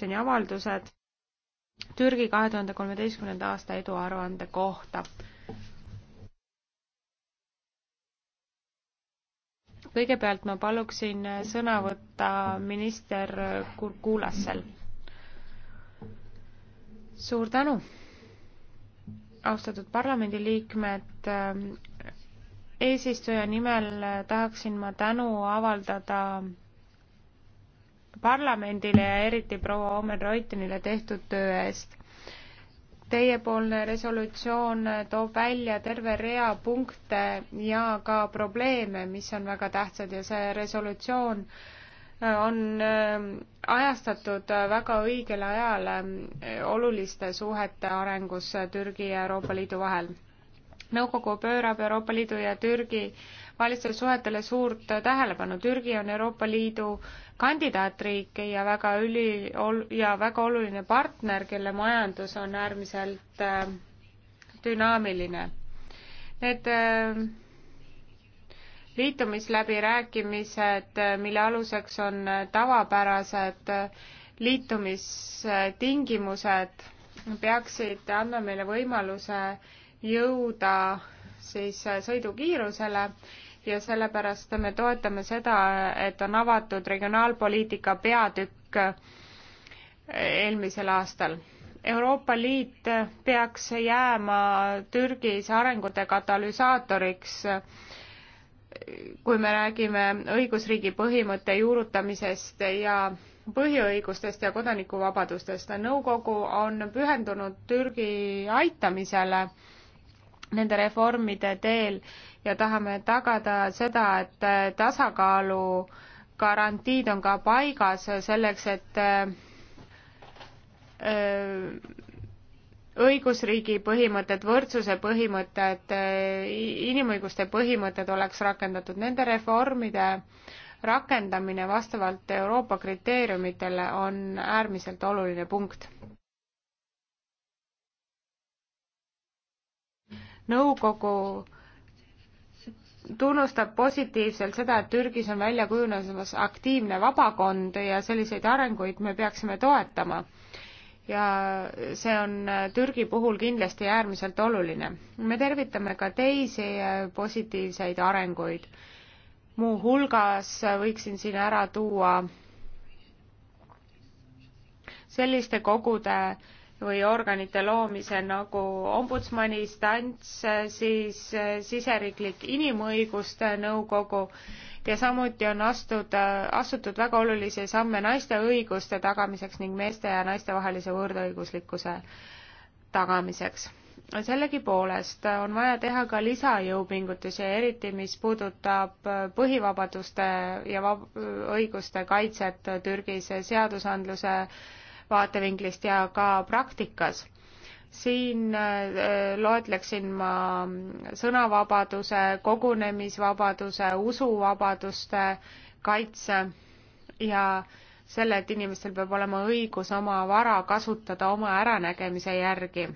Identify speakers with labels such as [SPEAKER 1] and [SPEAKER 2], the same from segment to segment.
[SPEAKER 1] komisjoni avaldused Türgi kahe tuhande kolmeteistkümnenda aasta eduaruande kohta. kõigepealt ma paluksin sõna võtta minister Kurkulassel. suur tänu, austatud parlamendiliikmed. eesistuja nimel tahaksin ma tänu avaldada parlamendile ja eriti proua Omen Reutenile tehtud töö eest. Teiepoolne resolutsioon toob välja terve rea punkte ja ka probleeme, mis on väga tähtsad ja see resolutsioon äh, on ähm, ajastatud väga õigel ajal äh, oluliste suhete arengus Türgi ja Euroopa Liidu vahel. nõukogu pöörab Euroopa Liidu ja Türgi valitsuse suhetele suurt tähelepanu. Türgi on Euroopa Liidu kandidaatriik ja väga üli- ja väga oluline partner, kelle majandus on äärmiselt äh, dünaamiline. Need äh, liitumisläbirääkimised, äh, mille aluseks on tavapärased liitumistingimused, peaksid andma meile võimaluse jõuda siis sõidukiirusele ja sellepärast me toetame seda, et on avatud regionaalpoliitika peatükk eelmisel aastal. Euroopa Liit peaks jääma Türgis arengute katalüsaatoriks, kui me räägime õigusriigi põhimõtte juurutamisest ja põhiõigustest ja kodanikuvabadustest. nõukogu on pühendunud Türgi aitamisele nende reformide teel ja tahame tagada seda, et äh, tasakaalu garantiid on ka paigas selleks, et äh, äh, õigusriigi põhimõtted, võrdsuse põhimõtted, inimõiguste põhimõtted oleks rakendatud, nende reformide rakendamine vastavalt Euroopa kriteeriumitele on äärmiselt oluline punkt. nõukogu no, tunnustab positiivselt seda, et Türgis on välja kujunemas aktiivne vabakond ja selliseid arenguid me peaksime toetama. ja see on äh, Türgi puhul kindlasti äärmiselt oluline. me tervitame ka teisi äh, positiivseid arenguid. muuhulgas äh, võiksin siin ära tuua selliste kogude äh, või organite loomise nagu ombudsmani instants, siis eh, siseriiklik inimõiguste nõukogu ja samuti on astud, eh, astutud väga olulisi samme naiste õiguste tagamiseks ning meeste ja naiste vahelise võrdõiguslikkuse tagamiseks. sellegipoolest on vaja teha ka lisajõupingutusi, eriti mis puudutab eh, põhivabaduste ja vab-, õiguste kaitset Türgis seadusandluse vaatevinklist ja ka praktikas. siin äh, loetleksin ma sõnavabaduse, kogunemisvabaduse, usuvabaduste kaitse ja selle, et inimestel peab olema õigus oma vara kasutada oma äranägemise järgi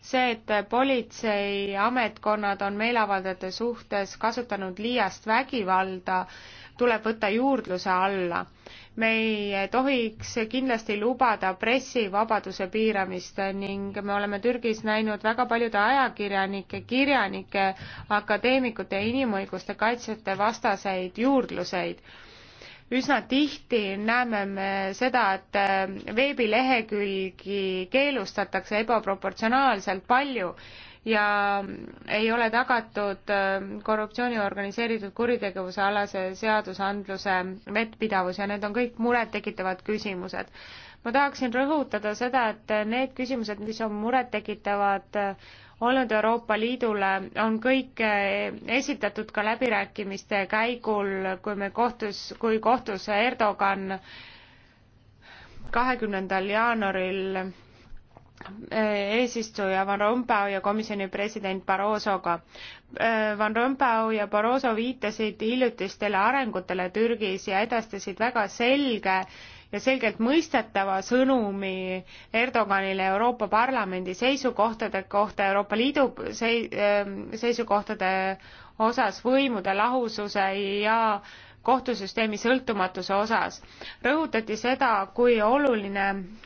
[SPEAKER 1] see, et politseiametkonnad on meeleavaldajate suhtes kasutanud liiast vägivalda, tuleb võtta juurdluse alla. me ei tohiks kindlasti lubada pressivabaduse piiramist ning me oleme Türgis näinud väga paljude ajakirjanike, kirjanike, akadeemikute ja inimõiguste kaitsjate vastaseid juurdluseid üsna tihti näeme me seda, et veebilehekülgi keelustatakse ebaproportsionaalselt palju ja ei ole tagatud äh, korruptsiooni organiseeritud kuritegevuse alase seadusandluse vettpidavus ja need on kõik murettekitavad küsimused. ma tahaksin rõhutada seda, et need küsimused, mis on murettekitavad äh, olnud Euroopa Liidule, on kõik äh, esitatud ka läbirääkimiste käigul, kui me kohtus, kui kohtus Erdogan kahekümnendal jaanuaril eesistuja Van Rompuy ja komisjoni president Barrosoga. Van Rompuy ja Barroso viitasid hiljutistele arengutele Türgis ja edastasid väga selge ja selgelt mõistetava sõnumi Erdoganile Euroopa Parlamendi seisukohtade kohta, Euroopa Liidu seisukohtade osas võimude lahususe ja äh, kohtusüsteemi sõltumatuse osas. rõhutati seda, kui oluline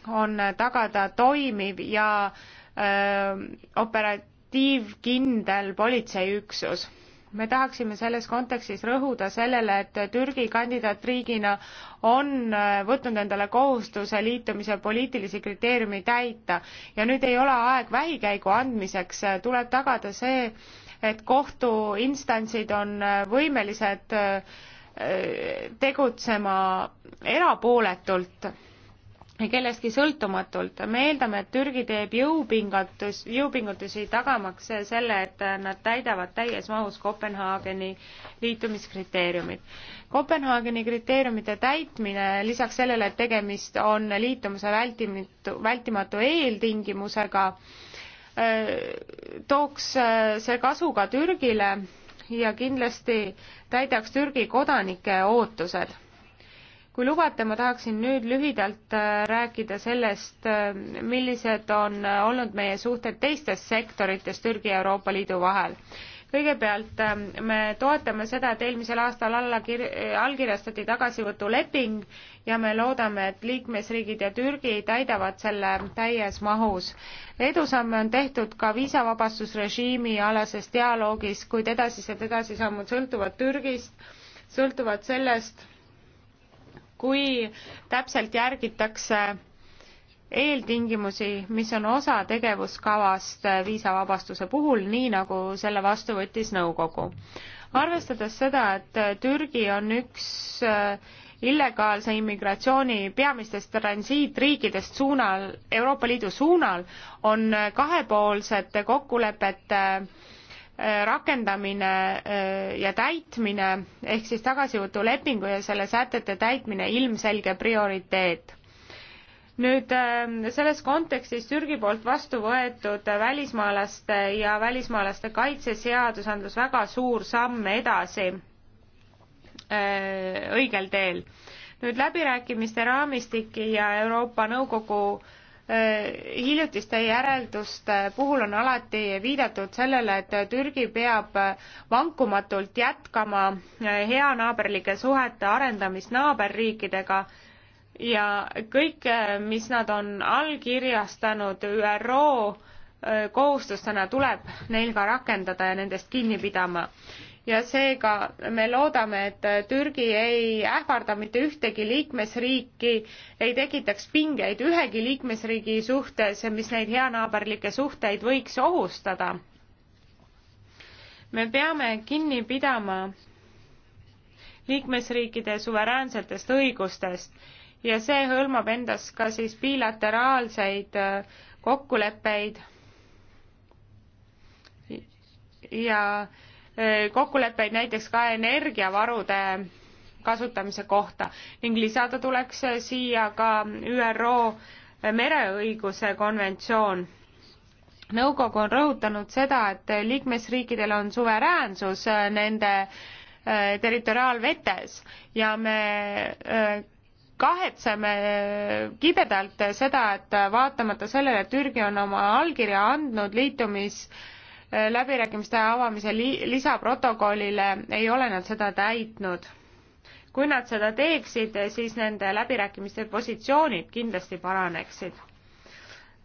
[SPEAKER 1] on tagada toimiv ja öö, äh, operatiivkindel politseiüksus me tahaksime selles kontekstis rõhuda sellele, et Türgi kandidaatriigina on äh, võtnud endale kohustuse liitumise poliitilisi kriteeriumi täita ja nüüd ei ole aeg vähikäigu andmiseks, tuleb tagada see, et kohtuinstantsid on äh, võimelised tegutsema erapooletult kellestki sõltumatult. me eeldame, et Türgi teeb jõupingatus, jõupingutusi tagamaks selle, et nad täidavad täies mahus Kopenhaageni liitumiskriteeriumid. Kopenhaageni kriteeriumide täitmine, lisaks sellele, et tegemist on liitumise vältimatu, vältimatu eeltingimusega, tooks see kasu ka Türgile ja kindlasti täidaks Türgi kodanike ootused. kui lubate, ma tahaksin nüüd lühidalt äh, rääkida sellest, äh, millised on olnud meie suhted teistes sektorites Türgi ja Euroopa Liidu vahel kõigepealt ähm, me toetame seda, et eelmisel aastal alla kir-, äh, allkirjastati tagasivõtuleping ja me loodame, et liikmesriigid ja Türgi täidavad selle täies mahus. edusamme on tehtud ka viisavabastusrežiimi alases dialoogis, kuid edasised edasisammud sõltuvad Türgist, sõltuvad sellest, kui täpselt järgitakse eeltingimusi, mis on osa tegevuskavast viisavabastuse puhul, nii nagu selle vastu võttis nõukogu. arvestades seda, et Türgi on üks äh, illegaalse immigratsiooni peamistest transiitriikidest suunal, Euroopa Liidu suunal, on äh, kahepoolsete kokkulepete äh, rakendamine ja täitmine ehk siis tagasivõtulepingu ja selle sätete täitmine ilmselge prioriteet nüüd ähm, selles kontekstis Türgi poolt vastu võetud välismaalaste ja välismaalaste kaitse seadus andis väga suur samm edasi äh, õigel teel. nüüd läbirääkimiste raamistik ja Euroopa Nõukogu äh, hiljutiste järelduste puhul on alati viidatud sellele, et Türgi peab vankumatult jätkama äh, heanaaberlike suhete arendamist naaberriikidega ja kõik, äh, mis nad on allkirjastanud ÜRO äh, kohustustena, tuleb neil ka rakendada ja nendest kinni pidama. ja seega me loodame, et äh, Türgi ei ähvarda mitte ühtegi liikmesriiki, ei tekitaks pingeid ühegi liikmesriigi suhtes, mis neid heanaaberlikke suhteid võiks ohustada. me peame kinni pidama liikmesriikide suveräänsetest õigustest ja see hõlmab endas ka siis bilateraalseid äh, kokkuleppeid ja äh, kokkuleppeid näiteks ka energiavarude kasutamise kohta ning lisada tuleks äh, siia ka ÜRO mereõiguse konventsioon. nõukogu on rõhutanud seda, et liikmesriikidel on suveräänsus nende territoriaalvetes ja me kahetseme kibedalt seda, et vaatamata sellele, et Türgi on oma allkirja andnud liitumis läbirääkimiste avamise li-, lisaprotokollile, ei ole nad seda täitnud. kui nad seda teeksid, siis nende läbirääkimiste positsioonid kindlasti paraneksid.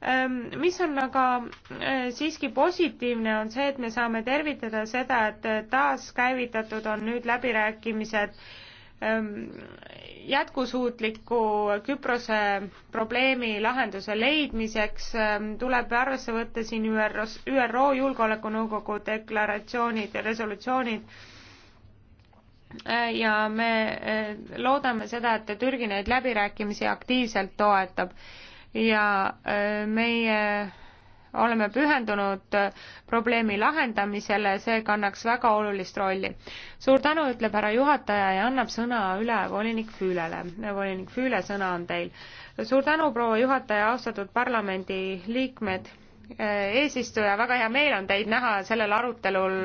[SPEAKER 1] Ehm, mis on aga eh, siiski positiivne, on see, et me saame tervitada seda, et taaskäivitatud on nüüd läbirääkimised ehm, jätkusuutliku Küprose probleemi lahenduse leidmiseks ähm, tuleb arvesse võtta siin ÜRO, ÜRO Julgeolekunõukogu deklaratsioonid ja resolutsioonid äh, ja me äh, loodame seda, et Türgi neid läbirääkimisi aktiivselt toetab ja äh, meie oleme pühendunud probleemi lahendamisele, see kannaks väga olulist rolli. suur tänu, ütleb härra juhataja ja annab sõna üle volinik Füülele. volinik Füüle, sõna on teil. suur tänu, proua juhataja, austatud parlamendiliikmed, eesistuja, väga hea meel on teid näha sellel arutelul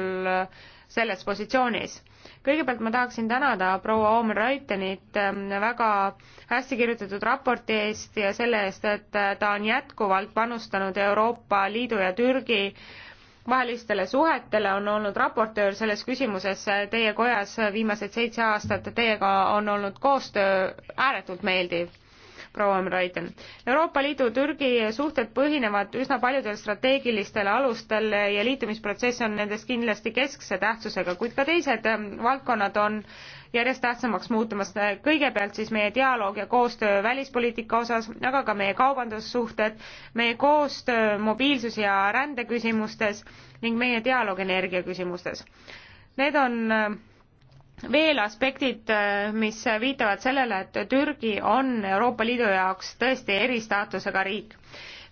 [SPEAKER 1] selles positsioonis kõigepealt ma tahaksin tänada proua Oomen Raitenit ähm, väga hästi kirjutatud raporti eest ja selle eest, et äh, ta on jätkuvalt panustanud Euroopa Liidu ja Türgi vahelistele suhetele, on olnud raportöör selles küsimuses äh, teie kojas viimased seitse aastat, teiega on olnud koostöö ääretult meeldiv proua Amraiden. Euroopa Liidu Türgi suhted põhinevad üsna paljudel strateegilistel alustel ja liitumisprotsess on nendest kindlasti keskse tähtsusega, kuid ka teised ähm, valdkonnad on järjest tähtsamaks muutumas. kõigepealt siis meie dialoog ja koostöö välispoliitika osas, aga ka meie kaubandussuhted, meie koostöö mobiilsus ja rändeküsimustes ning meie dialoog energiaküsimustes. Need on ähm, veel aspektid, äh, mis viitavad sellele, et Türgi on Euroopa Liidu jaoks tõesti eristaatusega riik.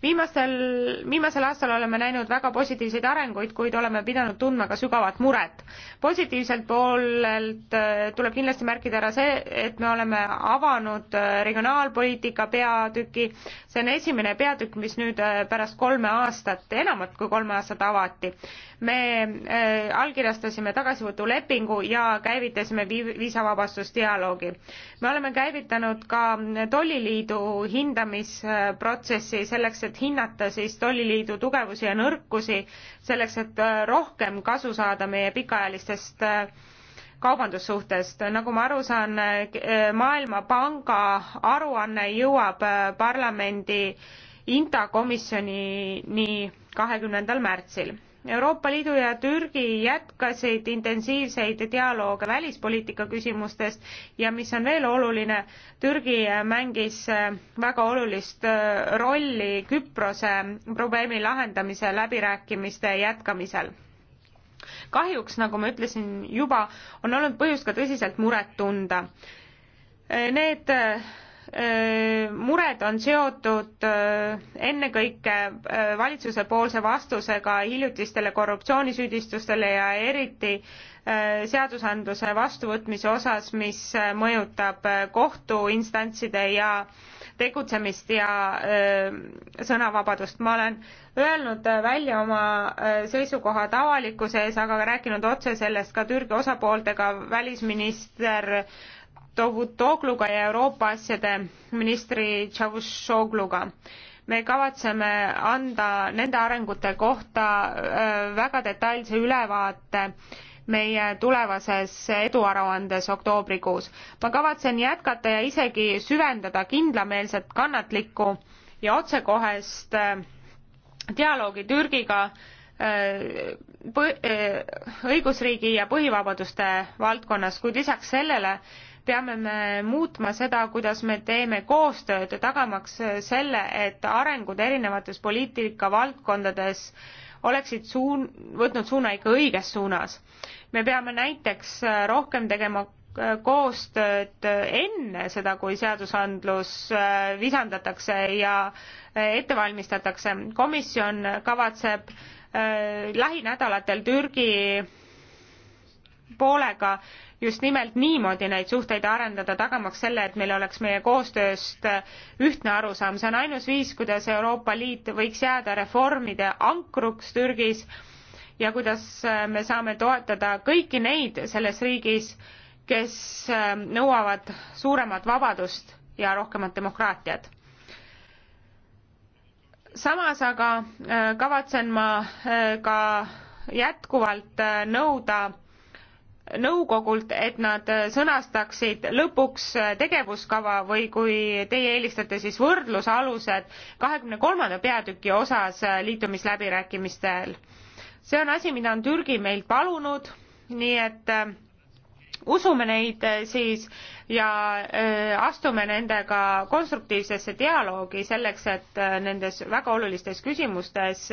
[SPEAKER 1] viimastel, viimasel aastal oleme näinud väga positiivseid arenguid, kuid oleme pidanud tundma ka sügavat muret. positiivselt poolelt äh, tuleb kindlasti märkida ära see, et me oleme avanud äh, regionaalpoliitika peatüki, see on esimene peatükk, mis nüüd pärast kolme aastat, enamat kui kolme aastat avati me äh, allkirjastasime tagasivõtulepingu ja käivitasime viisavabastusdialoogi. me oleme käivitanud ka tolliliidu hindamisprotsessi selleks, et hinnata siis tolliliidu tugevusi ja nõrkusi, selleks et äh, rohkem kasu saada meie pikaajalistest äh, kaubandussuhtest. nagu ma aru saan, Maailmapanga aruanne jõuab parlamendi Inta komisjonini kahekümnendal märtsil Euroopa Liidu ja Türgi jätkasid intensiivseid dialoog välispoliitika küsimustest ja mis on veel oluline, Türgi mängis äh, väga olulist äh, rolli Küprose probleemi lahendamise läbirääkimiste jätkamisel. kahjuks, nagu ma ütlesin juba, on olnud põhjust ka tõsiselt muret tunda. Äh, need Äh, mured on seotud äh, ennekõike äh, valitsusepoolse vastusega hiljutistele korruptsioonisüüdistustele ja eriti seadusandluse vastuvõtmise osas, mis mõjutab kohtuinstantside ja tegutsemist ja sõnavabadust. ma olen öelnud välja oma seisukohad avalikkuse ees, aga rääkinud otse sellest ka Türgi osapooltega, välisminister Davutogluga ja Euroopa asjade ministri Tšavusogluga. me kavatseme anda nende arengute kohta väga detailse ülevaate meie tulevases eduaruandes oktoobrikuus. ma kavatsen jätkata ja isegi süvendada kindlameelset kannatlikku ja otsekohest dialoogi Türgiga õigusriigi ja põhivabaduste valdkonnas, kuid lisaks sellele peame me muutma seda, kuidas me teeme koostööd, tagamaks selle, et arengud erinevates poliitikavaldkondades oleksid suun-, võtnud suuna ikka õiges suunas. me peame näiteks rohkem tegema koostööd enne seda, kui seadusandlus visandatakse ja ette valmistatakse. komisjon kavatseb äh, lähinädalatel Türgi poolega just nimelt niimoodi neid suhteid arendada, tagamaks selle, et meil oleks meie koostööst ühtne arusaam. see on ainus viis, kuidas Euroopa Liit võiks jääda reformide ankruks Türgis ja kuidas me saame toetada kõiki neid selles riigis, kes nõuavad suuremat vabadust ja rohkemat demokraatiat samas aga äh, kavatsen ma äh, ka jätkuvalt äh, nõuda nõukogult, et nad sõnastaksid lõpuks tegevuskava või kui teie eelistate, siis võrdlusalused kahekümne kolmanda peatüki osas liitumisläbirääkimistel. see on asi, mida on Türgi meilt palunud, nii et äh, usume neid eh, siis ja eh, astume nendega konstruktiivsesse dialoogi selleks, et eh, nendes väga olulistes küsimustes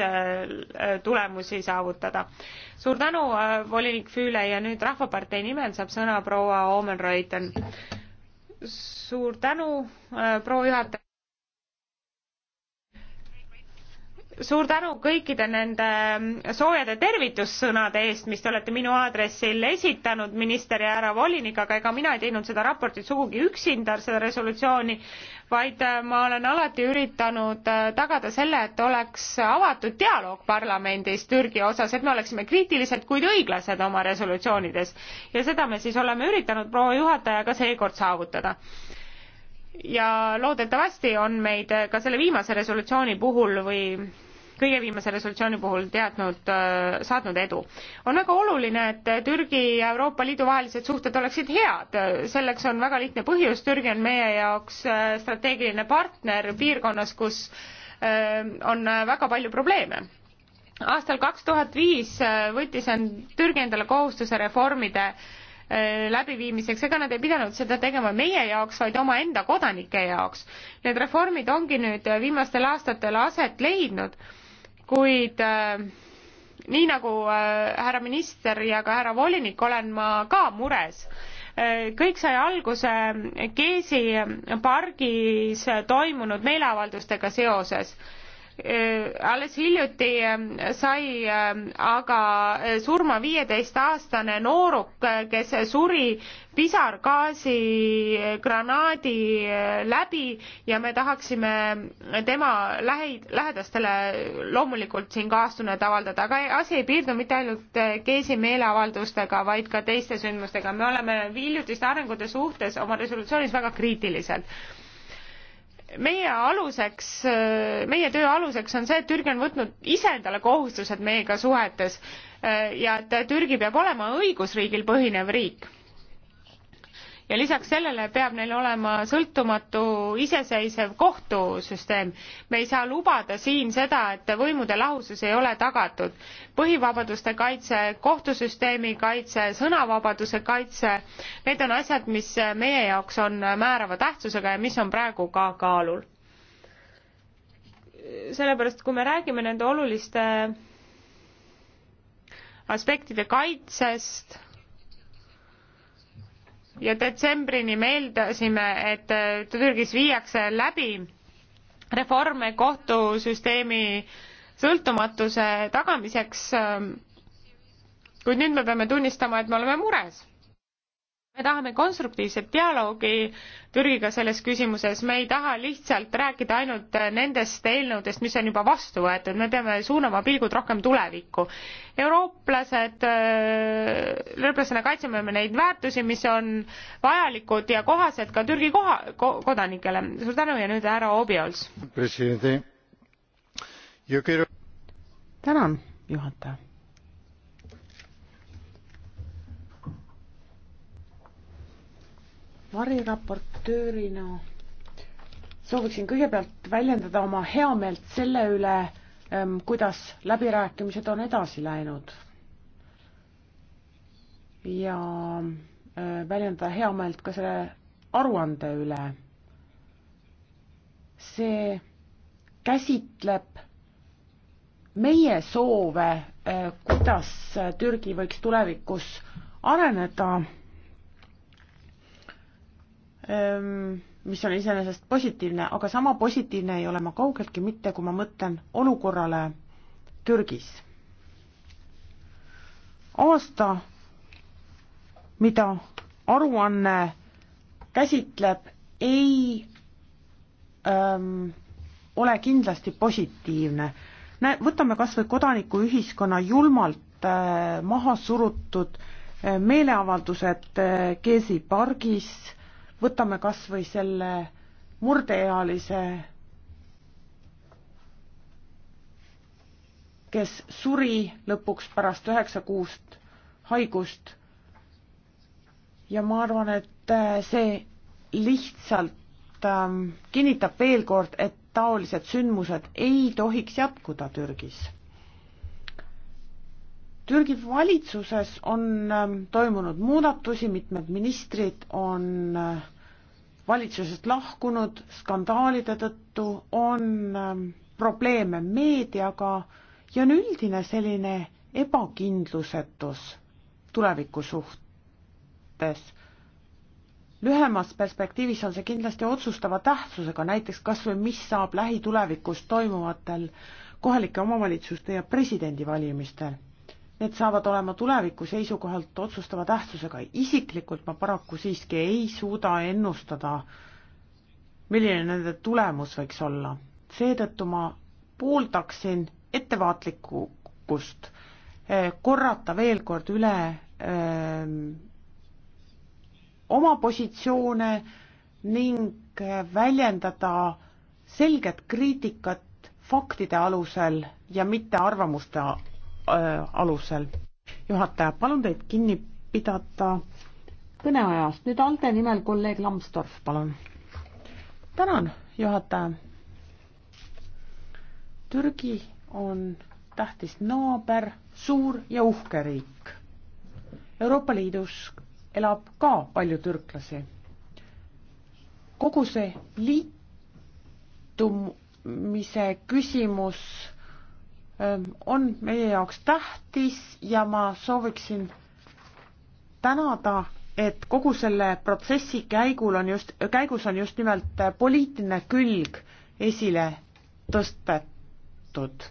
[SPEAKER 1] tulemusi saavutada. suur tänu, volinik Füüle ja nüüd Rahvapartei nimel saab sõna proua Oomen Reuten. suur tänu, proua juhataja. suur tänu kõikide nende soojade tervitussõnade eest, mis te olete minu aadressil esitanud, minister ja härra volinik, aga ega mina ei teinud seda raportit sugugi üksinda, seda resolutsiooni, vaid äh, ma olen alati üritanud äh, tagada selle, et oleks avatud dialoog parlamendis Türgi osas, et me oleksime kriitilised, kuid õiglased oma resolutsioonides. ja seda me siis oleme üritanud proua juhataja ka seekord saavutada ja loodetavasti on meid äh, ka selle viimase resolutsiooni puhul või kõige viimase resolutsiooni puhul teadnud, äh, saatnud edu. on väga oluline, et Türgi ja Euroopa Liidu vahelised suhted oleksid head, selleks on väga lihtne põhjus, Türgi on meie jaoks äh, strateegiline partner piirkonnas, kus äh, on väga palju probleeme aastal kaks tuhat viis võttis end Türgi endale kohustuse reformide läbiviimiseks, ega nad ei pidanud seda tegema meie jaoks, vaid omaenda kodanike jaoks. Need reformid ongi nüüd viimastel aastatel aset leidnud kuid äh, nii nagu äh, härra minister ja ka härra volinik olen ma ka mures äh, kõik sai alguse Geesi pargis toimunud meeleavaldustega seoses. Äh, alles hiljuti ähm, sai ähm, aga äh, surma viieteistaastane nooruk, äh, kes suri pisargaasi granaadi läbi ja me tahaksime tema lähi-, lähedastele loomulikult siin kaastunnet avaldada, aga asi ei piirdu mitte ainult Geesi meeleavaldustega, vaid ka teiste sündmustega. me oleme hiljutiste arengute suhtes oma resolutsioonis väga kriitilised meie aluseks, meie töö aluseks on see, et Türgi on võtnud ise endale kohustused meiega suhetes ja et Türgi peab olema õigusriigil põhinev riik ja lisaks sellele peab neil olema sõltumatu iseseisev kohtusüsteem. me ei saa lubada siin seda, et võimude lahusus ei ole tagatud. põhivabaduste kaitse, kohtusüsteemi kaitse, sõnavabaduse kaitse, need on asjad, mis meie jaoks on määrava tähtsusega ja mis on praegu ka kaalul. sellepärast, kui me räägime nende oluliste aspektide kaitsest ja detsembrini me eeldasime, et Türgis viiakse läbi reforme kohtusüsteemi sõltumatuse tagamiseks. kuid nüüd me peame tunnistama, et me oleme mures me tahame konstruktiivset dialoogi Türgiga selles küsimuses, me ei taha lihtsalt rääkida ainult nendest eelnõudest, mis on juba vastu võetud, me peame suunama pilgud rohkem tulevikku. eurooplased, äh, eurooplasena kaitseme me neid väärtusi, mis on vajalikud ja kohased ka Türgi koha ko,, kodanikele. suur tänu ja nüüd härra Obiols.
[SPEAKER 2] tänan, juhataja variraportöörina sooviksin kõigepealt väljendada oma heameelt selle üle, ähm, kuidas läbirääkimised on edasi läinud. ja äh, väljendada heameelt ka selle aruande üle. see käsitleb meie soove, äh, kuidas Türgi võiks tulevikus areneda mis on iseenesest positiivne, aga sama positiivne ei ole ma kaugeltki mitte, kui ma mõtlen olukorrale Türgis. aasta, mida aruanne käsitleb, ei ähm, ole kindlasti positiivne. Näe, võtame kas või kodanikuühiskonna julmalt äh, maha surutud äh, meeleavaldused äh, Gezi pargis äh,, võtame kas või selle murdeealise, kes suri lõpuks pärast üheksa kuust haigust. ja ma arvan, et äh, see lihtsalt ähm, kinnitab veel kord, et taolised sündmused ei tohiks jätkuda Türgis Türgi valitsuses on ähm, toimunud muudatusi, mitmed ministrid on äh, valitsusest lahkunud, skandaalide tõttu on ähm, probleeme meediaga ja on üldine selline ebakindlusetus tuleviku suhtes. lühemas perspektiivis on see kindlasti otsustava tähtsusega, näiteks kas või mis saab lähitulevikus toimuvatel kohalike omavalitsuste ja presidendivalimistel need saavad olema tuleviku seisukohalt otsustava tähtsusega. isiklikult ma paraku siiski ei suuda ennustada, milline nende tulemus võiks olla. seetõttu ma pooldaksin ettevaatlikkust, eh, korrata veel kord üle öö, ehm, oma positsioone ning eh, väljendada selget kriitikat faktide alusel ja mitte arvamuste äh, alusel. juhataja, palun teid kinni pidada kõneajast. nüüd Alde nimel kolleeg Lambsdorff, palun. tänan, juhataja. Türgi on tähtis naaber, suur ja uhke riik. Euroopa Liidus elab ka palju türklasi. kogu see liitumise küsimus Ähm, on meie jaoks tähtis ja ma sooviksin tänada, et kogu selle protsessi käigul on just, käigus on just nimelt äh, poliitiline külg esile tõstetud.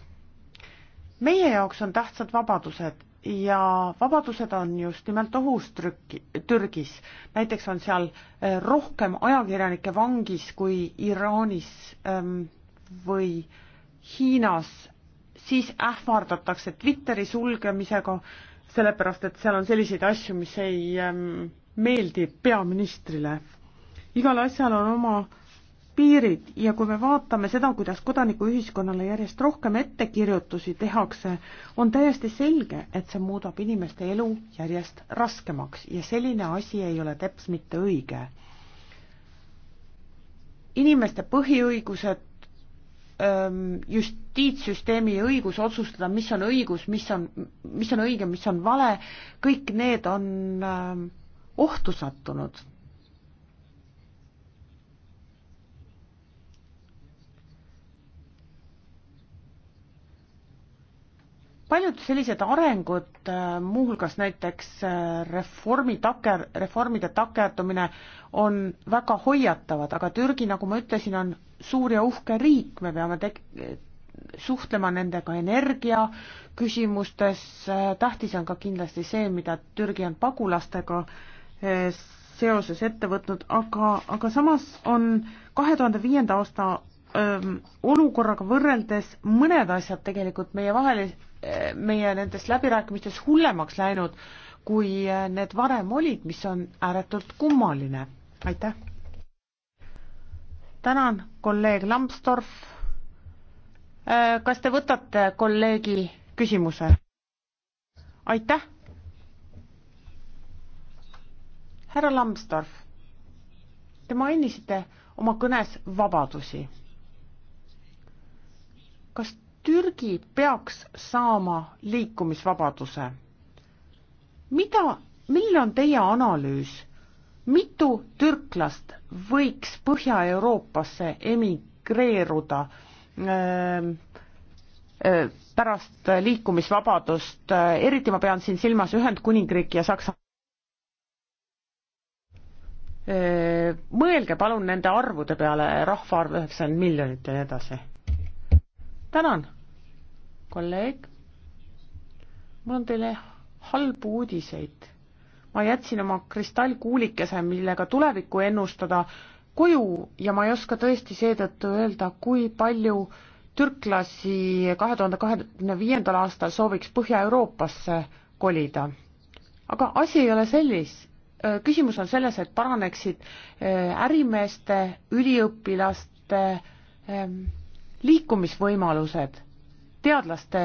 [SPEAKER 2] meie jaoks on tähtsad vabadused ja vabadused on just nimelt ohus trükki, Türgis. näiteks on seal äh, rohkem ajakirjanikke vangis kui Iraanis ähm, või Hiinas siis ähvardatakse Twitteri sulgemisega, sellepärast et seal on selliseid asju, mis ei ähm, meeldi peaministrile. igal asjal on oma piirid ja kui me vaatame seda, kuidas kodanikuühiskonnale järjest rohkem ettekirjutusi tehakse, on täiesti selge, et see muudab inimeste elu järjest raskemaks ja selline asi ei ole teps mitte õige. inimeste põhiõigused Ähm, justiitssüsteemi õigus otsustada, mis on õigus, mis on, mis on õige, mis on vale, kõik need on ähm, ohtu sattunud paljud sellised arengud, äh, muuhulgas näiteks äh, reformi taker, reformide takerdumine, on väga hoiatavad, aga Türgi, nagu ma ütlesin, on suur ja uhke riik, me peame teg-, suhtlema nendega energia küsimustes, äh, tähtis on ka kindlasti see, mida Türgi on pagulastega seoses ette võtnud, aga, aga samas on kahe tuhande viienda aasta öö, olukorraga võrreldes mõned asjad tegelikult meie vahel meie nendes läbirääkimistes hullemaks läinud, kui need varem olid, mis on ääretult kummaline. aitäh! tänan, kolleeg Lambsdorff. Äh, kas te võtate kolleegi küsimuse? aitäh! härra Lambsdorff, te mainisite oma kõnes vabadusi. kas Türgi peaks saama liikumisvabaduse. mida, milline on teie analüüs, mitu türklast võiks Põhja-Euroopasse emigreeruda äh, äh, pärast liikumisvabadust äh,, eriti ma pean siin silmas Ühendkuningriiki ja Saksa-. Äh, mõelge palun nende arvude peale, rahvaarv üheksakümmend miljonit ja nii edasi. tänan kolleeg, mul on teile halbu uudiseid. ma jätsin oma kristallkuulikese, millega tulevikku ennustada, koju ja ma ei oska tõesti seetõttu öelda, kui palju türklasi kahe tuhande kahekümne viiendal aastal sooviks Põhja-Euroopasse kolida. aga asi ei ole sellis, küsimus on selles, et paraneksid ärimeeste, üliõpilaste liikumisvõimalused teadlaste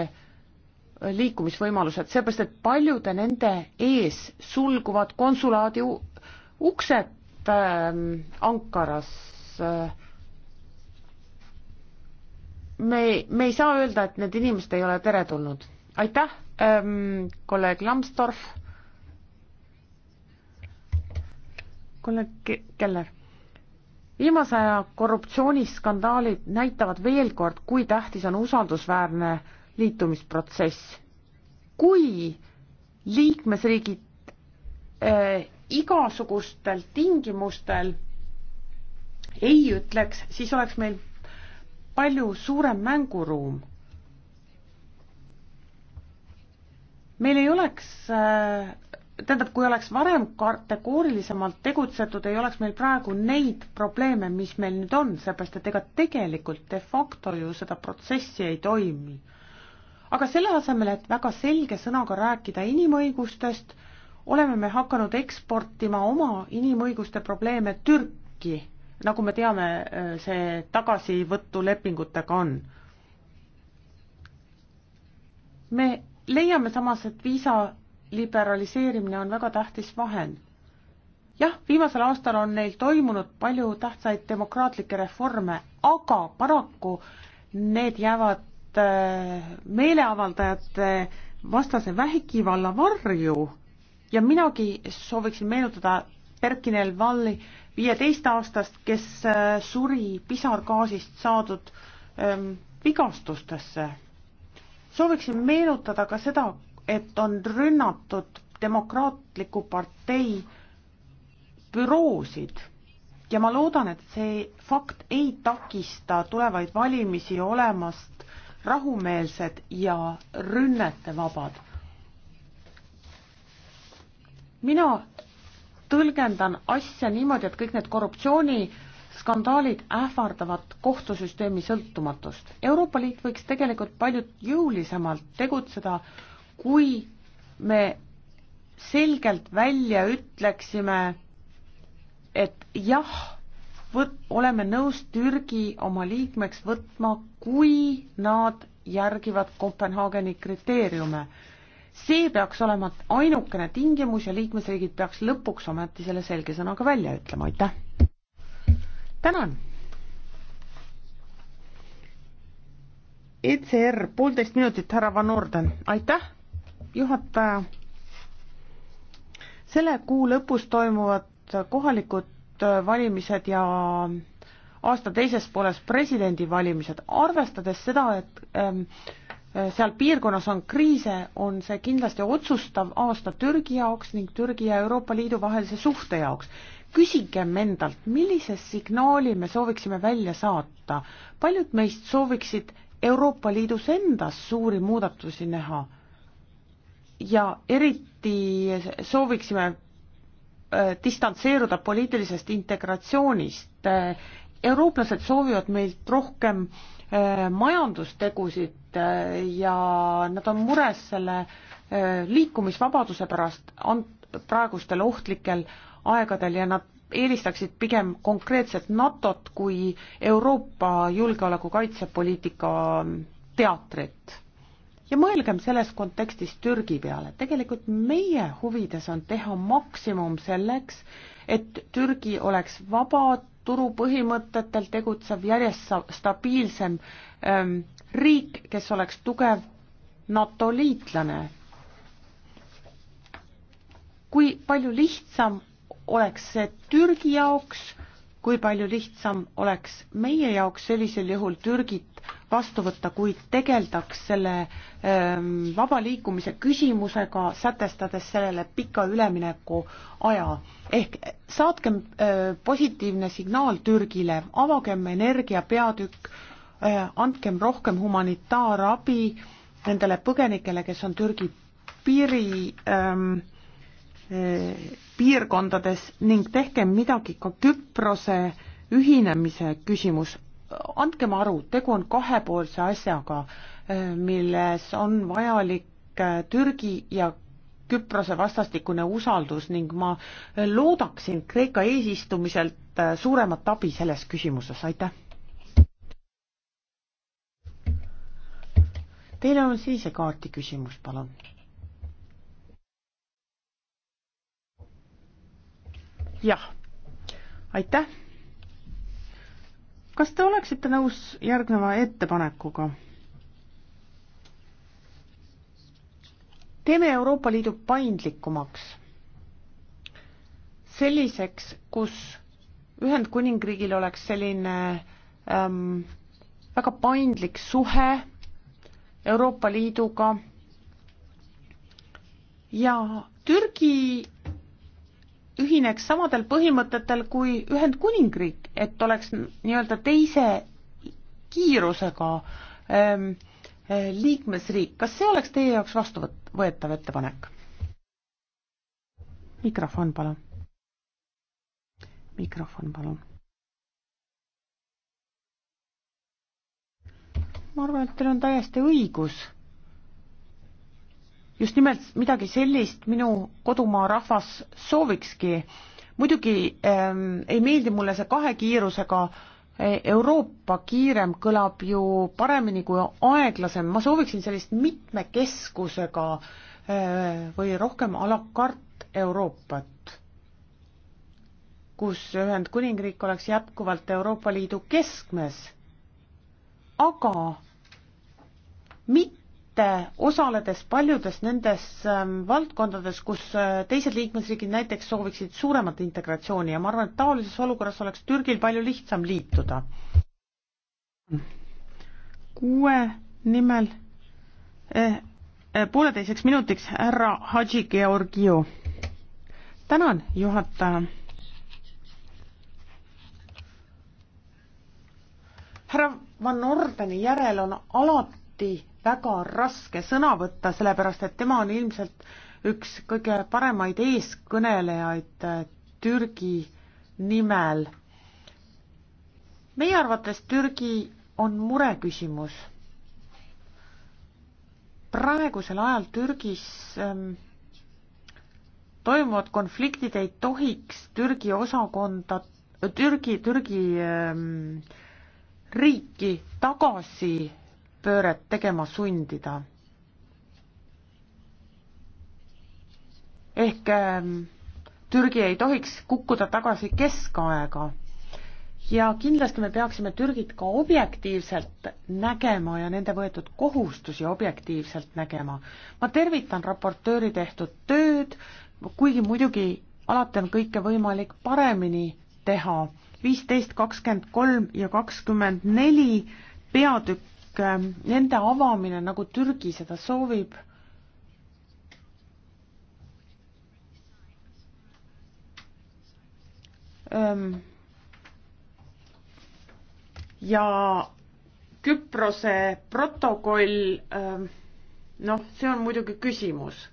[SPEAKER 2] liikumisvõimalused, sellepärast et paljude nende ees sulguvad konsulaadi uksed äh, Ankaras äh, me, me ei saa öelda, et need inimesed ei ole teretulnud. aitäh ähm,, kolleeg Lambsdorff. kolleeg Keller viimase aja korruptsiooniskandaalid näitavad veel kord, kui tähtis on usaldusväärne liitumisprotsess. kui liikmesriigid äh, igasugustel tingimustel ei ütleks, siis oleks meil palju suurem mänguruum. meil ei oleks äh, tähendab, kui oleks varem kategoorilisemalt tegutsetud, ei oleks meil praegu neid probleeme, mis meil nüüd on, sellepärast et ega tegelikult de facto ju seda protsessi ei toimi. aga selle asemel, et väga selge sõnaga rääkida inimõigustest, oleme me hakanud eksportima oma inimõiguste probleeme Türki, nagu me teame, äh, see tagasivõtulepingutega on. me leiame samas, et viisa liberaliseerimine on väga tähtis vahend. jah, viimasel aastal on neil toimunud palju tähtsaid demokraatlikke reforme, aga paraku need jäävad äh, meeleavaldajate vastase vägivalla varju ja minagi sooviksin meenutada Berkinel Valli viieteist-aastast, kes äh, suri pisargaasist saadud ähm, vigastustesse. sooviksin meenutada ka seda, et on rünnatud demokraatliku partei büroosid ja ma loodan, et see fakt ei takista tulevaid valimisi olemast rahumeelsed ja rünnetevabad. mina tõlgendan asja niimoodi, et kõik need korruptsiooniskandaalid ähvardavad kohtusüsteemi sõltumatust. Euroopa Liit võiks tegelikult palju jõulisemalt tegutseda äh, kui me selgelt välja ütleksime, et jah, võt-, oleme nõus Türgi oma liikmeks võtma, kui nad järgivad Kopenhaageni kriteeriume. see peaks olema ainukene tingimus ja liikmesriigid peaks lõpuks ometi selle selge sõnaga välja ütlema, aitäh! tänan! ECR, poolteist minutit, härra Van Orden, aitäh! juhataja. selle kuu lõpus toimuvad kohalikud äh, valimised ja aasta teises pooles presidendivalimised. arvestades seda, et ähm, äh, seal piirkonnas on kriise, on see kindlasti otsustav aasta Türgi jaoks ning Türgi ja Euroopa Liidu vahelise suhte jaoks. küsigem endalt, millise signaali me sooviksime välja saata. paljud meist sooviksid Euroopa Liidus endas suuri muudatusi näha ja eriti sooviksime äh, distantseeruda poliitilisest integratsioonist. Äh, eurooplased soovivad meilt rohkem äh, majandustegusid ja nad on mures selle liikumisvabaduse pärast praegustel ohtlikel aegadel ja nad eelistaksid pigem konkreetselt NATO-t kui Euroopa julgeoleku kaitsepoliitika teatrit ja mõelgem selles kontekstis Türgi peale, tegelikult meie huvides on teha maksimum selleks, et Türgi oleks vaba turupõhimõtetel tegutsev järjest stabiilsem ähm, riik, kes oleks tugev NATO liitlane. kui palju lihtsam oleks see Türgi jaoks kui palju lihtsam oleks meie jaoks sellisel juhul Türgit vastu võtta, kui tegeldaks selle ähm, vaba liikumise küsimusega, sätestades sellele pika ülemineku aja. ehk saatkem äh, positiivne signaal Türgile, avagem energia peatükk äh,, andkem rohkem humanitaarabi nendele põgenikele, kes on Türgi piiri ähm, piirkondades ning tehkem midagi ka Küprose ühinemise küsimus. andkem aru, tegu on kahepoolse asjaga, milles on vajalik äh, Türgi ja Küprose vastastikune usaldus ning ma loodaksin Kreeka eesistumiselt äh, suuremat abi selles küsimuses, aitäh! Teil on sinise kaardi küsimus, palun jah, aitäh. kas te oleksite nõus järgneva ettepanekuga? teeme Euroopa Liidu paindlikumaks, selliseks, kus Ühendkuningriigil oleks selline ähm, väga paindlik suhe Euroopa Liiduga ja Türgi ühineks samadel põhimõtetel kui Ühendkuningriik, et oleks nii-öelda teise kiirusega ähm, äh, liikmesriik, kas see oleks teie jaoks vastuvõetav ettepanek? mikrofon, palun. mikrofon, palun. ma arvan, et teil on täiesti õigus just nimelt midagi sellist minu kodumaa rahvas soovikski. muidugi ähm, ei meeldi mulle see kahe kiirusega Euroopa kiirem kõlab ju paremini kui aeglasem, ma sooviksin sellist mitme keskusega äh, või rohkem a la carte Euroopat, kus Ühendkuningriik oleks jätkuvalt Euroopa Liidu keskmes, aga mitte Äh, osaledes paljudes nendes ähm, valdkondades, kus äh, teised liikmesriigid näiteks sooviksid suuremat integratsiooni ja ma arvan, et taolises olukorras oleks Türgil palju lihtsam liituda. kuue nimel eh, eh, pooleteiseks minutiks härra Hadži Georgiou. tänan, juhataja. härra Van Ordeni järel on alati väga raske sõna võtta, sellepärast et tema on ilmselt üks kõige paremaid eeskõnelejaid äh, Türgi nimel. meie arvates Türgi on mureküsimus. praegusel ajal Türgis ähm, toimuvad konfliktid ei tohiks Türgi osakonda, Türgi, Türgi ähm, riiki tagasi pööret tegema sundida. ehk ähm, Türgi ei tohiks kukkuda tagasi keskaega ja kindlasti me peaksime Türgit ka objektiivselt nägema ja nende võetud kohustusi objektiivselt nägema. ma tervitan raportööri tehtud tööd, kuigi muidugi alati on kõike võimalik paremini teha. viisteist, kakskümmend kolm ja kakskümmend neli peatükk Ähm, nende avamine, nagu Türgi seda soovib. Ähm, ja Küprose protokoll, ähm, noh, see on muidugi küsimus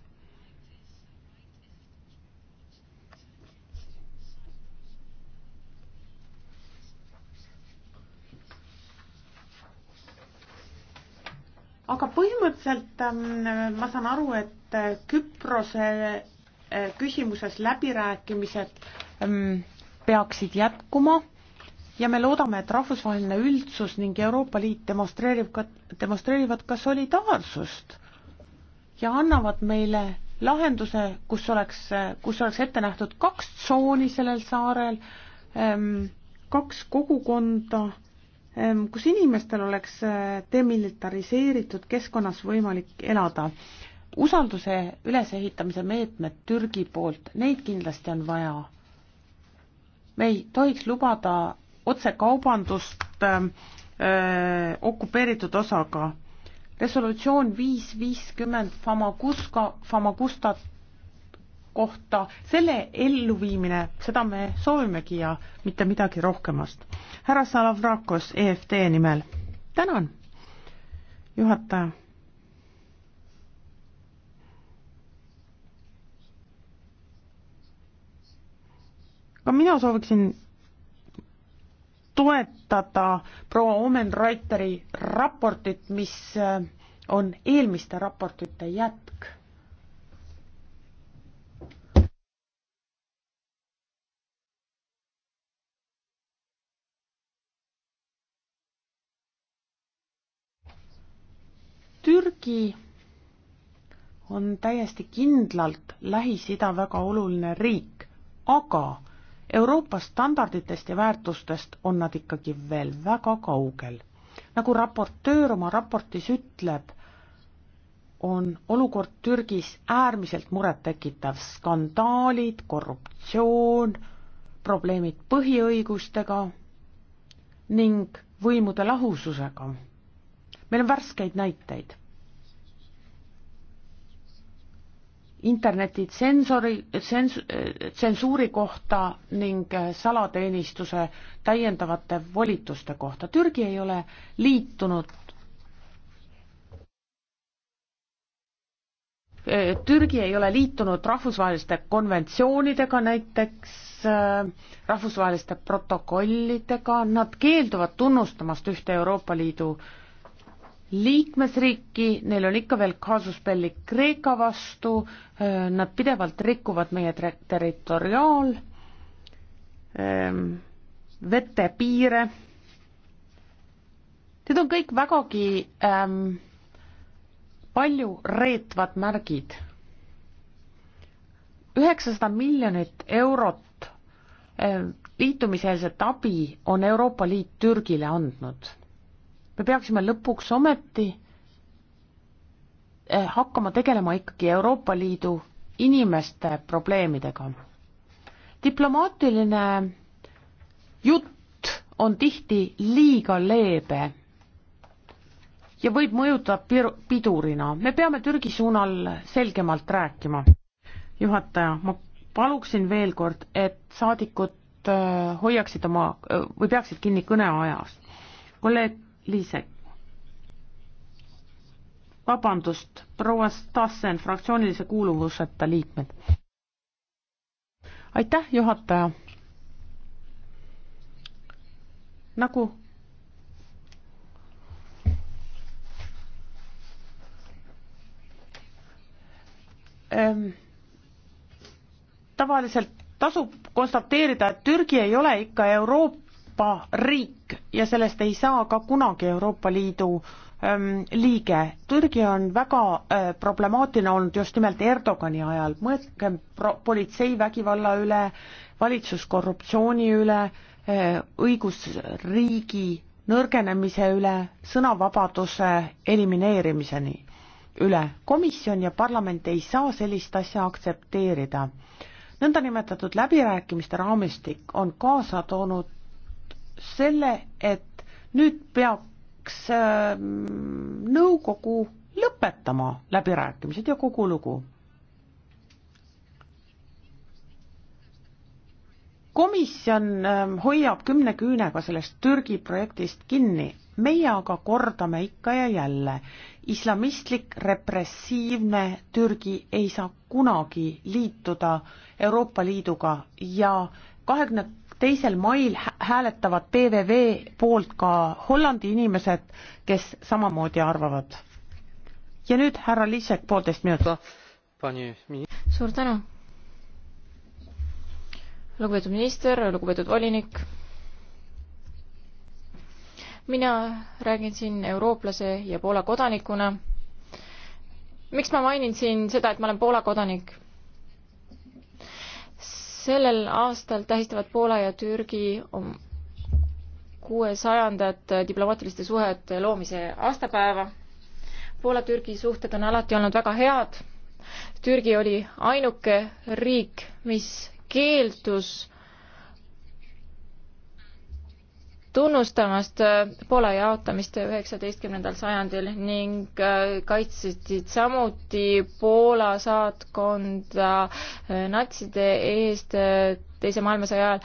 [SPEAKER 2] aga põhimõtteliselt ähm, ma saan aru, et äh, Küprose äh, küsimuses läbirääkimised ähm, peaksid jätkuma ja me loodame, et rahvusvaheline üldsus ning Euroopa Liit demonstreerib ka, demonstreerivad ka solidaarsust ja annavad meile lahenduse, kus oleks, äh, kus oleks ette nähtud kaks tsooni sellel saarel, ähm, kaks kogukonda Ehm, kus inimestel oleks eh, demilitariseeritud keskkonnas võimalik elada. usalduse ülesehitamise meetmed Türgi poolt, neid kindlasti on vaja. me ei tohiks lubada otsekaubandust öö, ehm, eh, okupeeritud osaga. resolutsioon viis viiskümmend Famagusta, Famagustat kohta, selle elluviimine, seda me soovimegi ja mitte midagi rohkemast. härra Salavrakos EFD nimel, tänan, juhataja. ka mina sooviksin toetada proua Omen Reuteri raportit, mis äh, on eelmiste raportite jäätmine. Türgi on täiesti kindlalt Lähis-Ida väga oluline riik, aga Euroopa standarditest ja väärtustest on nad ikkagi veel väga kaugel. nagu raportöör oma raportis ütleb, on olukord Türgis äärmiselt murettekitav, skandaalid, korruptsioon, probleemid põhiõigustega ning võimude lahususega meil on värskeid näiteid. interneti tsensori, tsens-, tsensuuri kohta ning salateenistuse täiendavate volituste kohta. Türgi ei ole liitunud Türgi ei ole liitunud rahvusvaheliste konventsioonidega, näiteks rahvusvaheliste protokollidega, nad keelduvad tunnustamast ühte Euroopa Liidu liikmesriiki, neil on ikka veel kaasuspelik Kreeka vastu, nad pidevalt rikuvad meie territoriaal, vetepiire, need on kõik vägagi ähm, palju reetvad märgid. üheksasada miljonit eurot ähm, liitumiseelset abi on Euroopa Liit Türgile andnud me peaksime lõpuks ometi eh, hakkama tegelema ikkagi Euroopa Liidu inimeste probleemidega. diplomaatiline jutt on tihti liiga leebe ja võib mõjuda pidurina. me peame Türgi suunal selgemalt rääkima. juhataja, ma paluksin veel kord, et saadikud eh, hoiaksid oma eh, või peaksid kinni kõneajast. kolleeg Liisek. vabandust, proua Stassen, fraktsioonilise kuuluvuseta liikmed. aitäh, juhataja. nagu ähm, tavaliselt tasub konstateerida, et Türgi ei ole ikka Euroopa Euroopa riik ja sellest ei saa ka kunagi Euroopa Liidu ähm, liige. Türgi on väga äh, problemaatiline olnud just nimelt Erdogani ajal, mõelgem politseivägivalla üle, valitsuskorruptsiooni üle, äh, õigusriigi nõrgenemise üle, sõnavabaduse elimineerimiseni üle. komisjon ja parlament ei saa sellist asja aktsepteerida nõndanimetatud läbirääkimiste raamistik on kaasa toonud selle, et nüüd peaks ähm, nõukogu lõpetama läbirääkimised ja kogu lugu. komisjon ähm, hoiab kümne küünega sellest Türgi projektist kinni, meie aga kordame ikka ja jälle, islamistlik repressiivne Türgi ei saa kunagi liituda Euroopa Liiduga ja kahekümne teisel mail hääletavad PVV poolt ka Hollandi inimesed, kes samamoodi arvavad. ja nüüd härra Liisek, poolteist minutit.
[SPEAKER 3] suur tänu. lugupeetud minister, lugupeetud volinik. mina räägin siin eurooplase ja Poola kodanikuna. miks ma mainin siin seda, et ma olen Poola kodanik? sellel aastal tähistavad Poola ja Türgi kuuesajandat diplomaatiliste suhete loomise aastapäeva. Poola-Türgi suhted on alati olnud väga head. Türgi oli ainuke riik, mis keeldus tunnustamast Poola jaotamist üheksateistkümnendal sajandil ning äh, kaitsesid samuti Poola saatkonda äh, natside eest äh, teise maailmasõja ajal.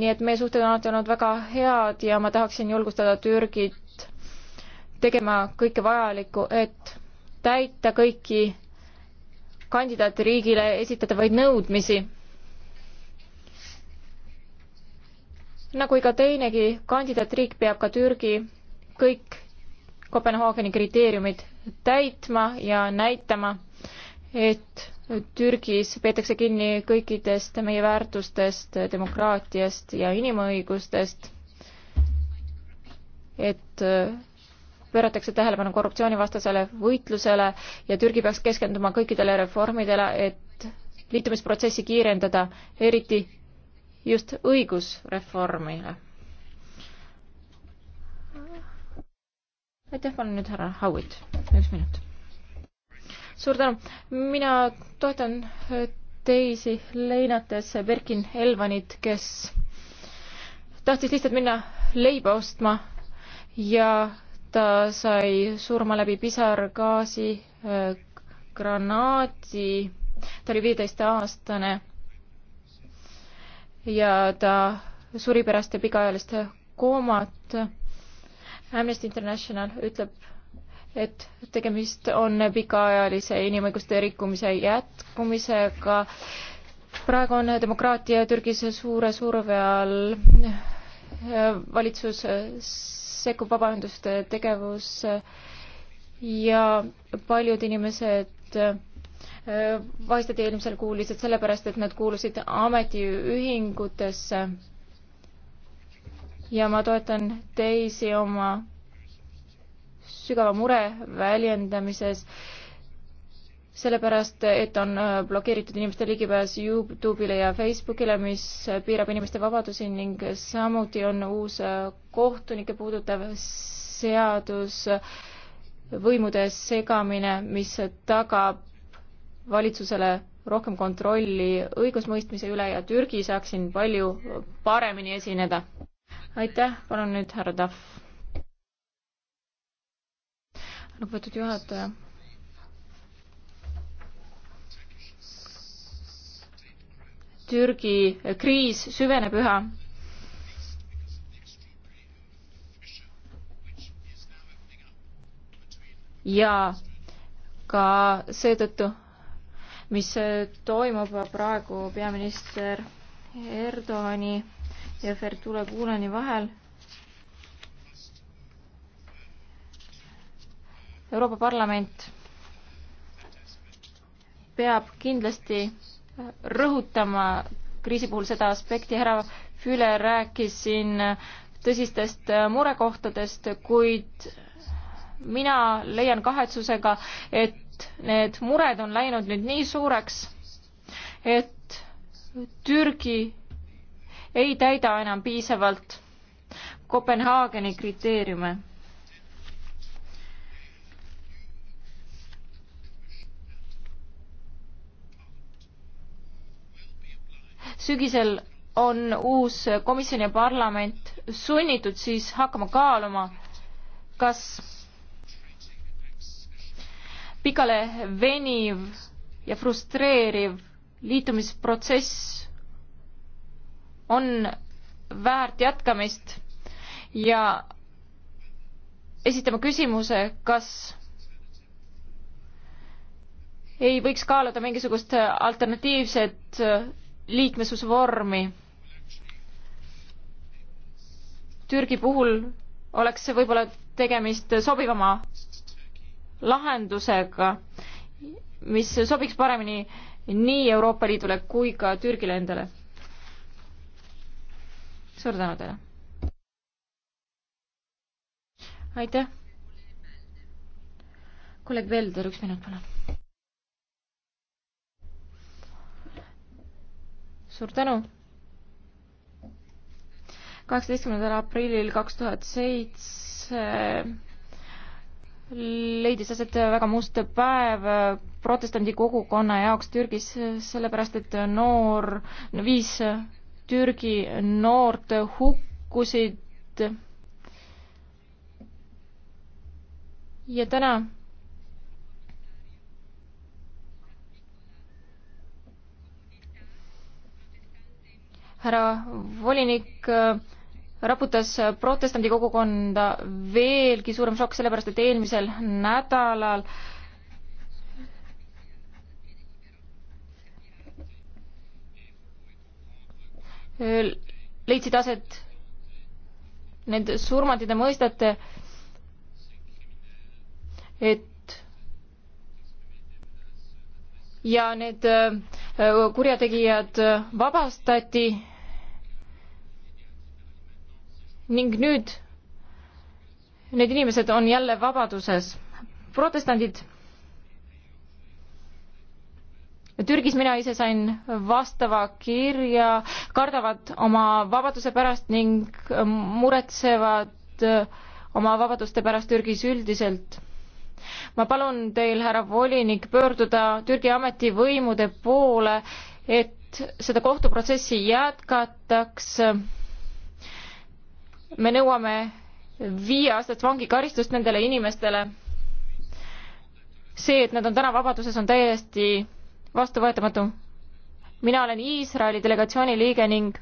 [SPEAKER 3] nii et meie suhted on alati olnud väga head ja ma tahaksin julgustada Türgit tegema kõike vajalikku, et täita kõiki kandidaatriigile esitatavaid nõudmisi nagu iga teinegi kandidaatriik peab ka Türgi kõik Kopenhaageni kriteeriumid täitma ja näitama, et Türgis peetakse kinni kõikidest meie väärtustest, demokraatiast ja inimõigustest, et äh, pööratakse tähelepanu korruptsioonivastasele võitlusele ja Türgi peaks keskenduma kõikidele reformidele, et liitumisprotsessi kiirendada, eriti just õigusreformile. aitäh, palun nüüd härra Howitt, üks minut. suur tänu, mina toetan teisi leinates Berkin Elvanit, kes tahtis lihtsalt minna leiba ostma ja ta sai surma läbi pisargaasi äh, granaadi, ta oli viieteist aastane ja ta suri pärast pikaajalist koomat. Amnesty International ütleb, et tegemist on pikaajalise inimõiguste rikkumise jätkumisega. praegu on demokraatia Türgis suure surve all. valitsus sekkub vabaühenduste tegevusse ja paljud inimesed vahistati eelmisel kuul lihtsalt sellepärast, et nad kuulusid ametiühingutesse. ja ma toetan teisi oma sügava mure väljendamises sellepärast, et on äh, blokeeritud inimeste ligipääs Youtube'ile ja Facebook'ile, mis piirab inimeste vabadusi ning samuti on uus äh, kohtunikke puudutav seadus, võimude segamine, mis tagab valitsusele rohkem kontrolli õigusmõistmise üle ja Türgi saaks siin palju paremini esineda. aitäh, palun nüüd härra Tahv. lugupeetud juhataja. Türgi kriis süveneb üha ja ka seetõttu, mis toimub praegu peaminister Erdogani ja Fertule Kulani vahel. Euroopa Parlament peab kindlasti rõhutama kriisi puhul seda aspekti, härra Füle rääkis siin tõsistest murekohtadest, kuid mina leian kahetsusega, et need mured on läinud nüüd nii suureks, et Türgi ei täida enam piisavalt Kopenhaageni kriteeriume. sügisel on uus komisjon ja parlament sunnitud siis hakkama kaaluma, kas pikale veniv ja frustreeriv liitumisprotsess on väärt jätkamist ja esitama küsimuse, kas ei võiks kaaluda mingisugust alternatiivset liikmesusvormi. Türgi puhul oleks võib-olla tegemist sobivama lahendusega, mis sobiks paremini nii Euroopa Liidule kui ka Türgile endale. suur tänu teile! aitäh! kolleeg Velder, üks minut, palun. suur tänu! kaheksateistkümnendal aprillil kaks tuhat seitse leidis aset väga must päev protestandi kogukonna jaoks Türgis, sellepärast et noor, viis Türgi noort hukkusid. ja täna härra volinik raputas protestandi kogukonda veelgi suurem šokk, sellepärast et eelmisel nädalal leidsid aset need surmad ja te mõistate, et ja need äh, kurjategijad vabastati ning nüüd need inimesed on jälle vabaduses. protestandid, Türgis mina ise sain vastava kirja, kardavad oma vabaduse pärast ning ähm, muretsevad äh, oma vabaduste pärast Türgis üldiselt ma palun teil, härra volinik, pöörduda Türgi ametivõimude poole, et seda kohtuprotsessi jätkataks me nõuame viieaastast vangikaristust nendele inimestele. see, et nad on täna vabaduses, on täiesti vastuvõetamatu. mina olen Iisraeli delegatsiooni liige ning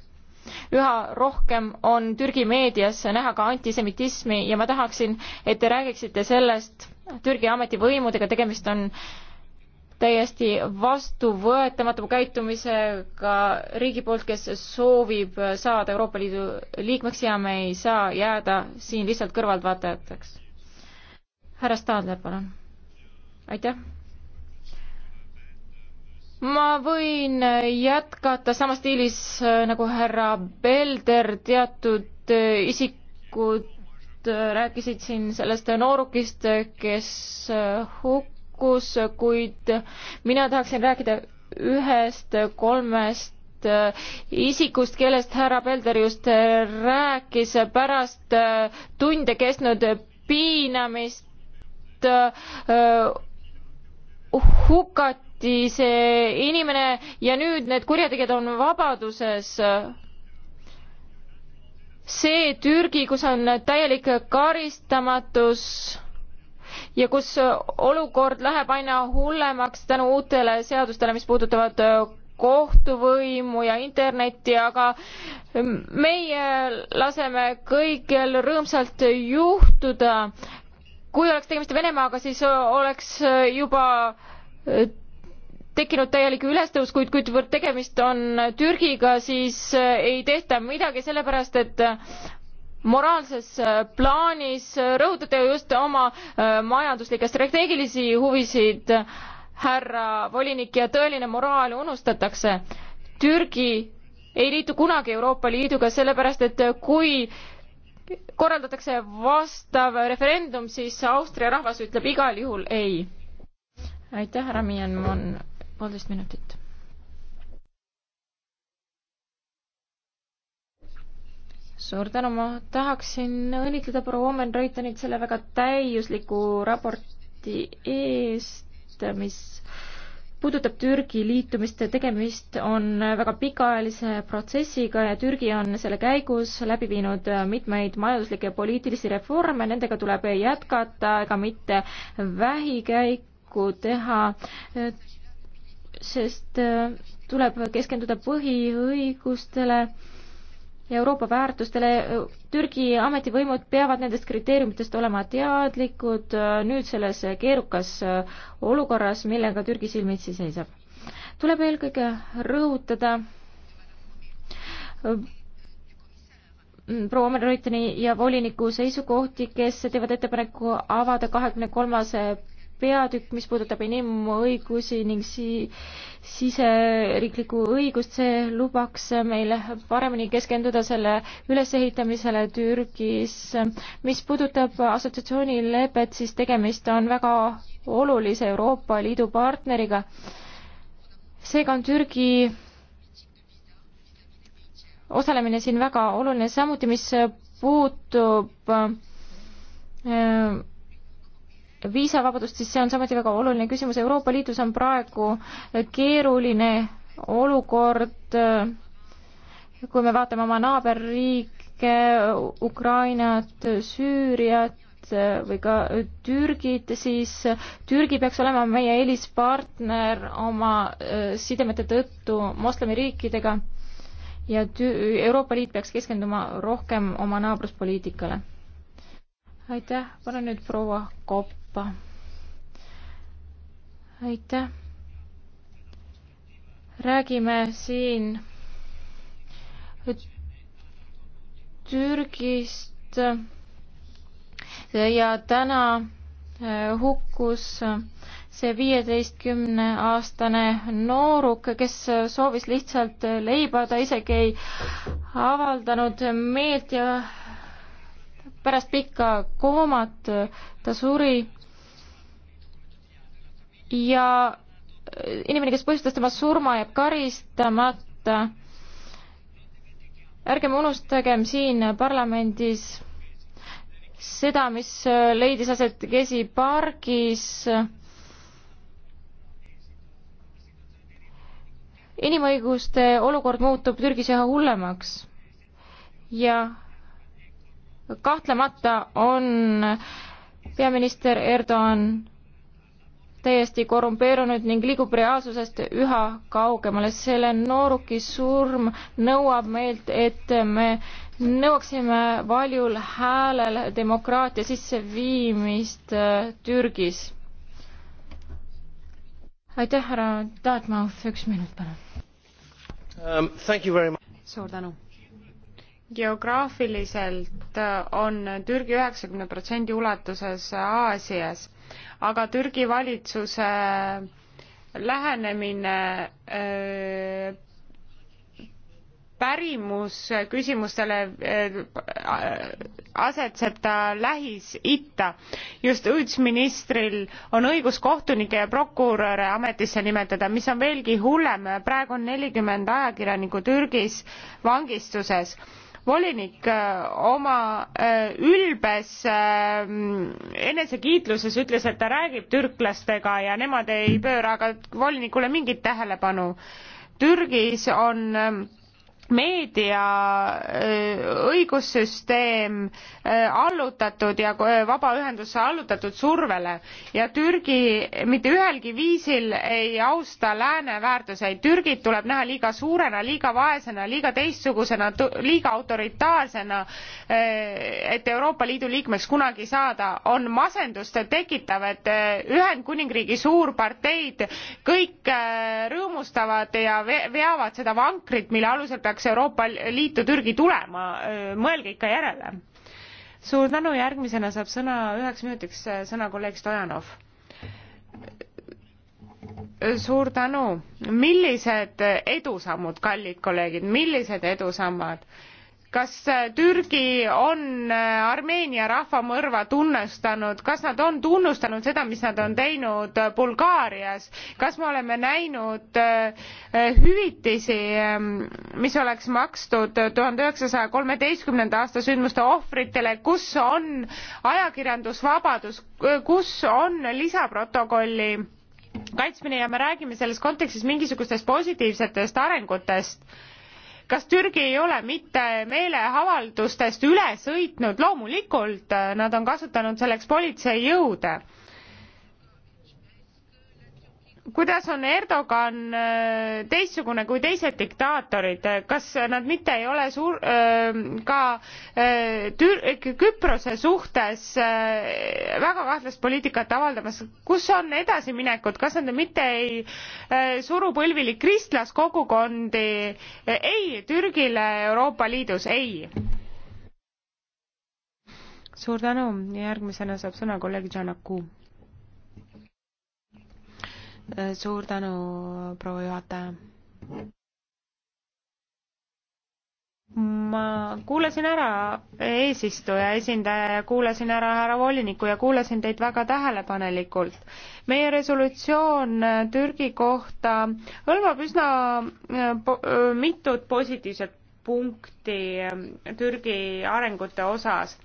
[SPEAKER 3] üha rohkem on Türgi meedias näha ka antisemitismi ja ma tahaksin, et te räägiksite sellest Türgi ametivõimudega, tegemist on äh, täiesti vastuvõetamatu käitumisega riigi poolt, kes soovib saada Euroopa Liidu liikmeks ja me ei saa jääda siin lihtsalt kõrvaltvaatajateks. härra Stadler, palun. aitäh. ma võin jätkata samas stiilis äh, nagu härra Belder, teatud äh, isikud äh, rääkisid siin sellest noorukist, kes hukkus jõukus, kuid mina tahaksin rääkida ühest kolmest äh, isikust, kellest härra Pelder just äh, rääkis pärast äh, tunde kestnud piinamist hukati see inimene ja nüüd need kurjategijad on vabaduses see Türgi, kus on täielik karistamatus ja kus äh, olukord läheb aina hullemaks tänu uutele seadustele, mis puudutavad äh, kohtuvõimu ja internetti, aga ähm, meie laseme kõigil rõõmsalt juhtuda. kui oleks tegemist Venemaaga, siis äh, oleks juba tekkinud täielik ülestõus, kuid kuivõrd tegemist on Türgiga, siis ei tehta midagi, sellepärast et moraalses äh, plaanis, äh, rõhutate just oma äh, majanduslikke strateegilisi huvisid, härra volinik, ja tõeline moraal unustatakse. Türgi ei liitu kunagi Euroopa Liiduga, sellepärast et kui korraldatakse vastav referendum, siis Austria rahvas ütleb igal juhul ei. aitäh, härra Mienmann, poolteist minutit suur tänu, ma tahaksin õnnitleda proua Omen Reutenit selle väga täiusliku raporti eest, mis puudutab Türgi liitumist, tegemist on väga pikaajalise protsessiga ja Türgi on selle käigus läbi viinud mitmeid majanduslikke ja poliitilisi reforme, nendega tuleb jätkata ega mitte vähikäiku teha, sest tuleb keskenduda põhiõigustele Euroopa väärtustele. Türgi ametivõimud peavad nendest kriteeriumitest olema teadlikud äh, nüüd selles keerukas äh, olukorras, millega Türgi silmitsi seisab. tuleb eelkõige rõhutada äh, proua Omer Reuteni ja voliniku seisukohti, kes teevad ettepaneku avada kahekümne kolmas peatükk, mis puudutab inimõigusi ning si-, siseriiklikku õigust, see lubaks meil paremini keskenduda selle ülesehitamisele Türgis. mis puudutab assotsiatsioonilepet, siis tegemist on väga olulise Euroopa Liidu partneriga. seega on Türgi osalemine siin väga oluline, samuti mis puutub äh, viisavabadust, siis see on samuti väga oluline küsimus. Euroopa Liidus on praegu keeruline olukord, kui me vaatame oma naaberriike, Ukrainat, Süüriat, või ka Türgid, siis Türgi peaks olema meie eelispartner oma äh, sidemete tõttu moslemiriikidega ja tü-, Euroopa Liit peaks keskenduma rohkem oma naabruspoliitikale. aitäh, palun nüüd proua Kopp. Euroopa. aitäh. räägime siin Türgist ja täna äh, hukkus äh, see viieteistkümne aastane nooruk, kes äh, soovis lihtsalt leiba, ta isegi ei avaldanud meelt ja pärast pikka koomat ta suri ja äh, inimene, kes põhjustas tema surma, jääb karistamata. ärgem unustagem siin parlamendis seda, mis äh, leidis aset Gezi pargis. inimõiguste olukord muutub Türgis üha hullemaks ja kahtlemata on peaminister Erdoğan täiesti korrumpeerunud ning liigub reaalsusest üha kaugemale. selle nooruki surm nõuab meilt, et me nõuaksime valjul häälel demokraatia sisseviimist äh, Türgis. aitäh, härra Taatmauf, üks minut palun um,. suur tänu
[SPEAKER 1] geograafiliselt äh, on Türgi üheksakümne protsendi ulatuses Aasias aga Türgi valitsuse lähenemine öö, äh, pärimusküsimustele äh, asetseb ta Lähis-Itta. just õigusministril on õigus kohtunikke ja prokuröre ametisse nimetada, mis on veelgi hullem, praegu on nelikümmend ajakirjanikku Türgis vangistuses volinik äh, oma äh, ülbes äh, enesekiitluses ütles, et ta räägib türklastega ja nemad ei pööra aga volinikule mingit tähelepanu. Türgis on meedia äh, õigussüsteem äh, allutatud ja äh, vabaühendusse allutatud survele ja Türgi mitte ühelgi viisil ei austa lääne väärtuseid. Türgit tuleb näha liiga suurena, liiga vaesena, liiga teistsugusena, liiga autoritaarsena, et Euroopa Liidu liikmeks kunagi saada. on masendust tekitav, et Ühendkuningriigi suurparteid kõik rõõmustavad ja veavad seda vankrit, mille alusel peaks peaks Euroopa Liitu Türgi tulema, mõelge ikka järele. suur tänu, järgmisena saab sõna, üheks minutiks äh, sõna kolleeg Stojanov suur tänu millised edusammud kallid kolleegid millised edusammad kas äh, Türgi on äh, Armeenia rahvamõrva tunnustanud, kas nad on tunnustanud seda, mis nad on teinud äh, Bulgaarias, kas me oleme näinud hüvitisi, ähm, mis oleks makstud tuhande üheksasaja kolmeteistkümnenda aasta sündmuste ohvritele, kus on ajakirjandusvabadus, kus on lisaprotokolli kaitsmine ja me räägime selles kontekstis mingisugustest positiivsetest arengutest kas Türgi ei ole mitte meeleavaldustest üle sõitnud? loomulikult, eh, nad on kasutanud selleks politseijõude kuidas on Erdogan äh, teistsugune kui teised diktaatorid, kas nad mitte ei ole suur, äh, ka äh, Tür-, Küprose suhtes väga kahtlast poliitikat avaldamas, kus on edasiminekud, kas nad mitte ei suru põlvili kristlaskogukondi ei Türgile Euroopa Liidus, ei? suur tänu, järgmisena saab sõna kolleeg Janaku Äh, suur tänu, proua juhataja. ma kuulasin ära eesistuja esindaja ja kuulasin ära härra voliniku ja kuulasin teid väga tähelepanelikult. meie resolutsioon äh, Türgi kohta hõlmab üsna äh, po mitut positiivset punkti Türgi arengute osas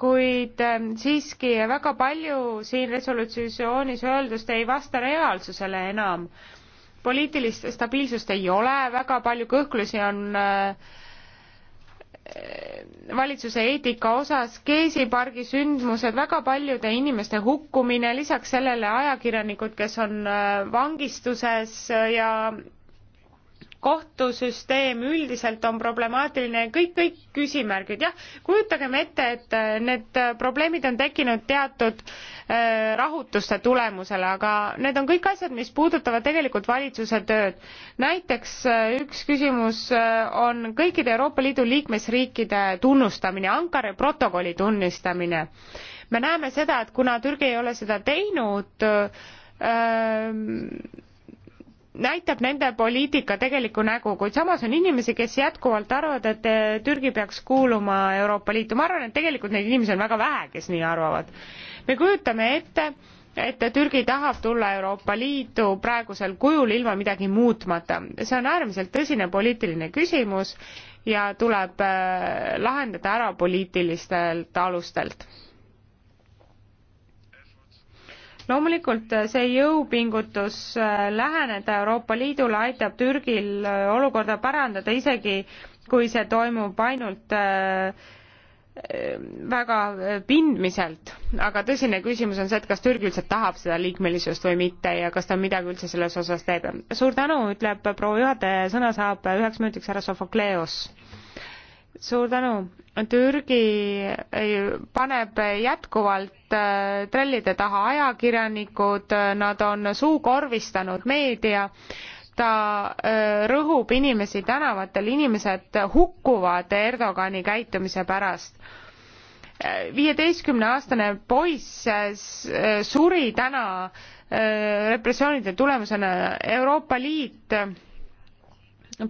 [SPEAKER 1] kuid ähm, siiski väga palju siin resolutsioonis öeldust ei vasta reaalsusele enam. poliitilist stabiilsust ei ole, väga palju kõhklusi on äh, valitsuse eetika osas, Geesi pargi sündmused, väga paljude inimeste hukkumine, lisaks sellele ajakirjanikud, kes on äh, vangistuses ja kohtusüsteem üldiselt on problemaatiline, kõik, kõik küsimärgid, jah, kujutagem ette, et äh, need probleemid on tekkinud teatud äh, rahutuste tulemusel, aga need on kõik asjad, mis puudutavad tegelikult valitsuse tööd. näiteks äh, üks küsimus on kõikide Euroopa Liidu liikmesriikide tunnustamine, Ankara protokolli tunnistamine. me näeme seda, et kuna Türgi ei ole seda teinud, näitab nende poliitika tegelikku nägu, kuid samas on inimesi, kes jätkuvalt arvavad, et eh, Türgi peaks kuuluma Euroopa Liitu. ma arvan, et tegelikult neid inimesi on väga vähe, kes nii arvavad. me kujutame ette, et Türgi tahab tulla Euroopa Liitu praegusel kujul ilma midagi muutmata. see on äärmiselt tõsine poliitiline küsimus ja tuleb eh, lahendada ära poliitilistelt alustelt loomulikult äh, see jõupingutus äh, läheneda Euroopa Liidule aitab Türgil äh, olukorda parandada, isegi kui see toimub ainult väga pindmiselt, aga tõsine küsimus on see, et kas Türgi üldse tahab seda liikmelisust või mitte ja kas ta midagi üldse selles osas teeb. suur tänu, ütleb proua juhataja ja sõna saab üheks minutiks härra Sofokleos suur tänu. Türgi äh, paneb jätkuvalt äh, trellide taha ajakirjanikud, äh, nad on suukorvistanud meedia, ta rõhub inimesi tänavatel, inimesed hukkuvad Erdogani käitumise pärast viieteistkümne aastane poiss suri täna repressioonide tulemusena. Euroopa Liit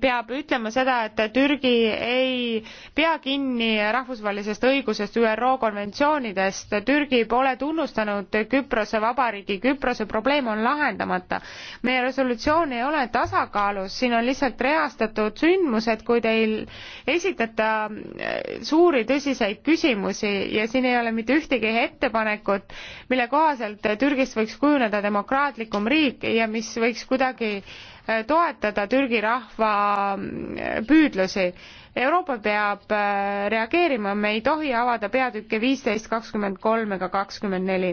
[SPEAKER 1] peab ütlema seda, et Türgi ei pea kinni rahvusvahelisest õigusest, ÜRO konventsioonidest, Türgi pole tunnustanud Küprose vabariigi, Küprose probleem on lahendamata. meie resolutsioon ei ole tasakaalus, siin on lihtsalt reastatud sündmused, kui teil esitada äh, suuri tõsiseid küsimusi ja siin ei ole mitte ühtegi ettepanekut, mille kohaselt Türgist võiks kujuneda demokraatlikum riik ja mis võiks kuidagi äh, Eh, toetada Türgi rahva eh, püüdlusi. Euroopa peab eh, reageerima, me ei tohi avada peatükke viisteist, kakskümmend kolm ega kakskümmend neli.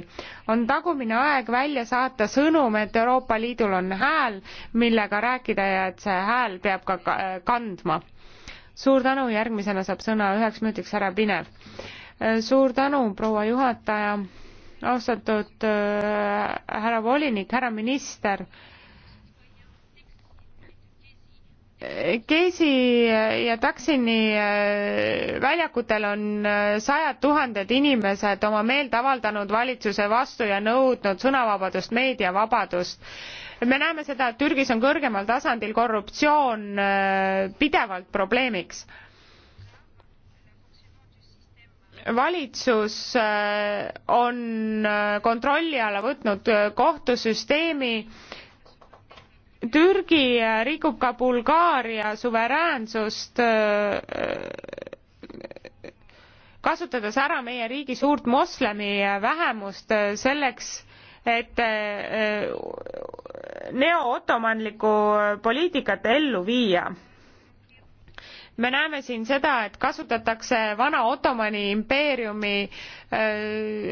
[SPEAKER 1] on tagumine aeg välja saata sõnum, et Euroopa Liidul on hääl, millega rääkida ja et see hääl peab ka kandma. suur tänu, järgmisena saab sõna üheks minutiks härra Pinev. suur tänu, proua juhataja, austatud härra volinik, härra minister Keisi ja Taksini äh, väljakutel on äh, sajad tuhanded inimesed oma meelt avaldanud valitsuse vastu ja nõudnud sõnavabadust, meediavabadust. me näeme seda, et Türgis on kõrgemal tasandil korruptsioon äh, pidevalt probleemiks. valitsus on kontrolli alla võtnud kohtusüsteemi Türgi rikub ka Bulgaaria suveräänsust, äh, kasutades ära meie riigi suurt moslemi vähemust äh, selleks, et äh, neo-ottomanlikku poliitikat ellu viia me näeme siin seda, et kasutatakse vana Ottomani impeeriumi äh,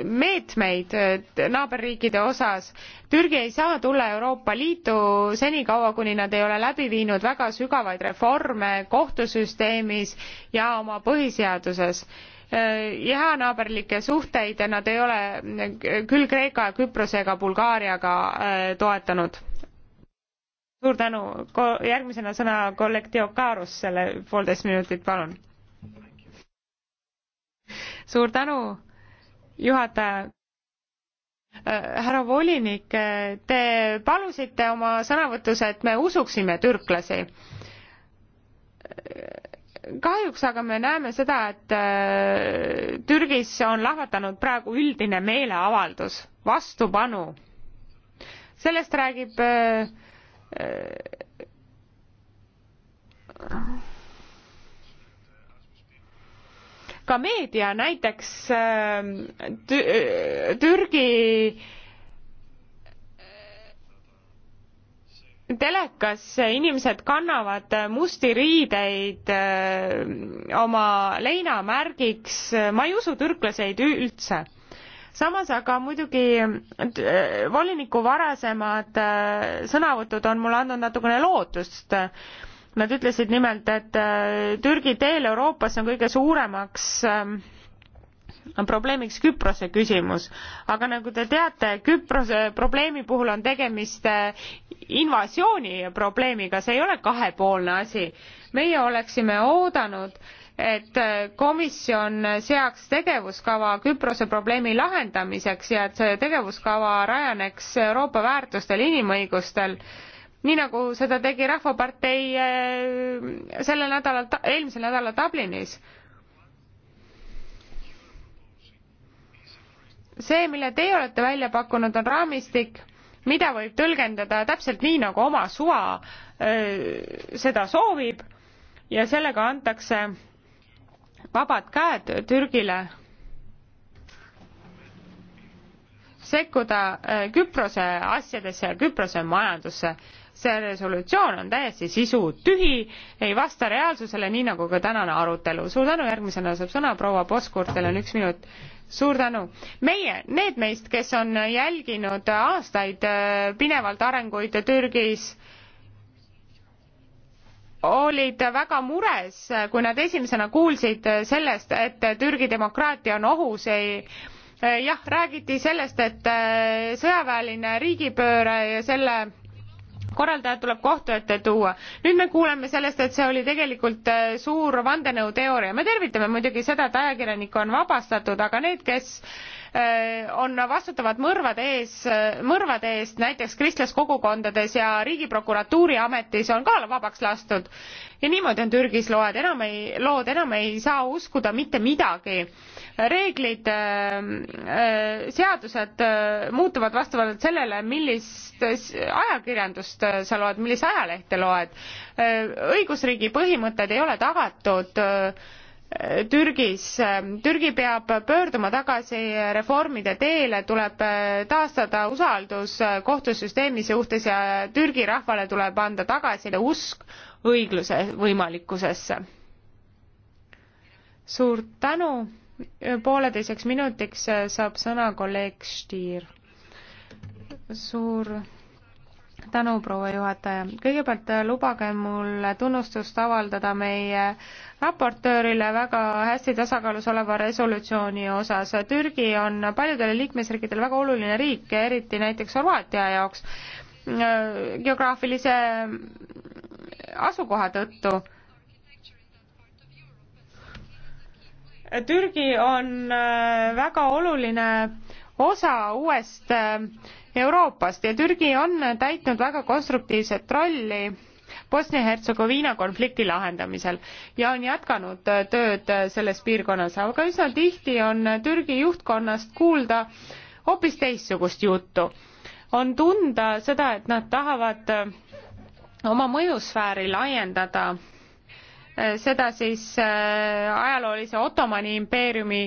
[SPEAKER 1] meetmeid äh, naaberriikide osas. Türgi ei saa tulla Euroopa Liitu senikaua, kuni nad ei ole läbi viinud väga sügavaid reforme kohtusüsteemis ja oma põhiseaduses heanaaberlikke äh, suhteid nad ei ole küll Kreeka, Küprose ega Bulgaariaga toetanud suur tänu, järgmisena sõna kolleeg Teokarus, selle poolteist minutit, palun. suur tänu, juhataja äh, härra volinik, te palusite oma sõnavõtus, et me usuksime türklasi. kahjuks aga me näeme seda, et äh, Türgis on lahvatanud praegu üldine meeleavaldus, vastupanu. sellest räägib äh, ka meedia, näiteks ähm, äh, Türgi äh, telekas inimesed kannavad musti riideid äh, oma leinamärgiks, ma ei usu türklaseid üldse samas aga muidugi äh, voliniku varasemad äh, sõnavõtud on mulle andnud natukene lootust. Nad ütlesid nimelt, et äh, Türgi teel Euroopasse on kõige suuremaks probleemiks Küprose küsimus, aga nagu te teate, Küprose probleemi puhul on tegemist invasiooni probleemiga, see ei ole kahepoolne asi. meie oleksime oodanud, et äh, komisjon seaks tegevuskava Küprose probleemi lahendamiseks ja et see tegevuskava rajaneks Euroopa väärtustel, inimõigustel, nii nagu seda tegi Rahvapartei äh, sellel nädalal, eelmisel nädalal Dublinis. see, mille teie olete välja pakkunud, on raamistik, mida võib tõlgendada täpselt nii, nagu oma suva äh, seda soovib ja sellega antakse vabad käed Türgile sekkuda äh, Küprose asjadesse ja Küprose majandusse. see resolutsioon on täiesti sisutühi, ei vasta reaalsusele, nii nagu ka tänane arutelu. suur tänu, järgmisena saab sõna proua Poskurt, teil on üks minut. suur tänu. meie, need meist, kes on jälginud aastaid äh, pinevalt arenguid Türgis, olid väga mures, kui nad esimesena kuulsid sellest, et Türgi demokraatia on ohus, ei jah, räägiti sellest, et äh, sõjaväeline riigipööre ja selle korraldajad tuleb kohtu ette tuua. nüüd me kuuleme sellest, et see oli tegelikult äh, suur vandenõuteooria. me tervitame muidugi seda, et ajakirjanikke on vabastatud, aga need, kes äh, on vastutavad mõrvade ees, äh, mõrvade eest näiteks kristlaskogukondades ja riigiprokuratuuri ametis on ka vabaks lastud. ja niimoodi on Türgis loed, enam ei, lood enam ei saa uskuda mitte midagi reeglid, äh, äh, seadused äh, muutuvad vastavalt sellele, millist ajakirjandust sa loed, millist ajalehte loed. õigusriigi põhimõtted ei ole tagatud Türgis. Türgi peab pöörduma tagasi reformide teele, tuleb taastada usaldus kohtusüsteemi suhtes ja Türgi rahvale tuleb anda tagasi usk õigluse võimalikkusesse. suur tänu pooleteiseks minutiks saab sõna kolleeg Stier. suur tänu, proua juhataja. kõigepealt lubage mul tunnustust avaldada meie raportöörile väga hästi tasakaalus oleva resolutsiooni osas. Türgi on paljudele liikmesriikidele väga oluline riik, eriti näiteks Horvaatia jaoks äh, geograafilise asukoha tõttu Türgi on äh, väga oluline osa uuest äh, Euroopast ja Türgi on täitnud väga konstruktiivset rolli Bosnia-Hertsegoviina konflikti lahendamisel ja on jätkanud äh, tööd selles piirkonnas, aga üsna tihti on Türgi juhtkonnast kuulda hoopis teistsugust juttu. on tunda seda, et nad tahavad oma mõjusfääri laiendada Eh, seda siis eh, ajaloolise Ottomani impeeriumi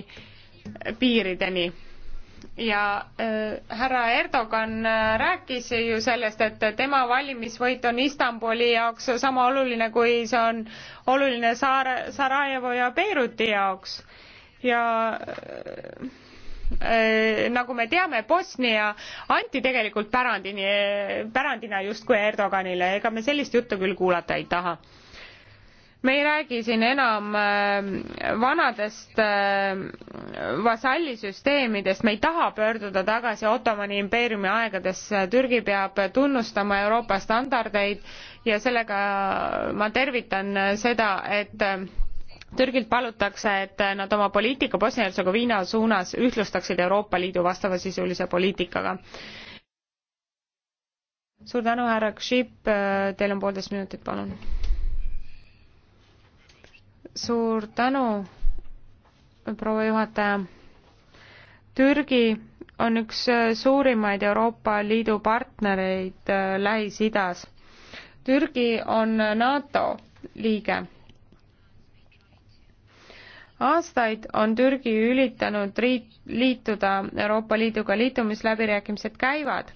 [SPEAKER 1] piirideni ja äh, härra Erdogan rääkis ju sellest, et tema valimisvõit on Istanbuli jaoks sama oluline, kui see on oluline Saar-, Sarajevo ja Beiruti jaoks. ja äh, äh, nagu me teame, Bosnia anti tegelikult pärandini, pärandina justkui Erdoganile, ega me sellist juttu küll kuulata ei taha me ei räägi siin enam äh, vanadest äh, vasallisüsteemidest, me ei taha pöörduda tagasi Ottomani impeeriumi aegadesse, Türgi peab tunnustama Euroopa standardeid ja sellega ma tervitan äh, seda, et Türgilt palutakse, et nad oma poliitika Bosnia-Hertsegoviina suunas ühtlustaksid Euroopa Liidu vastavasisulise poliitikaga. suur tänu, härra Kšip, teil on poolteist minutit, palun suur tänu, proua juhataja. Türgi on üks äh, suurimaid Euroopa Liidu partnereid äh, Lähis-Idas. Türgi on äh, NATO liige. aastaid on Türgi üritanud riit, liituda Euroopa Liiduga, liitumisläbirääkimised käivad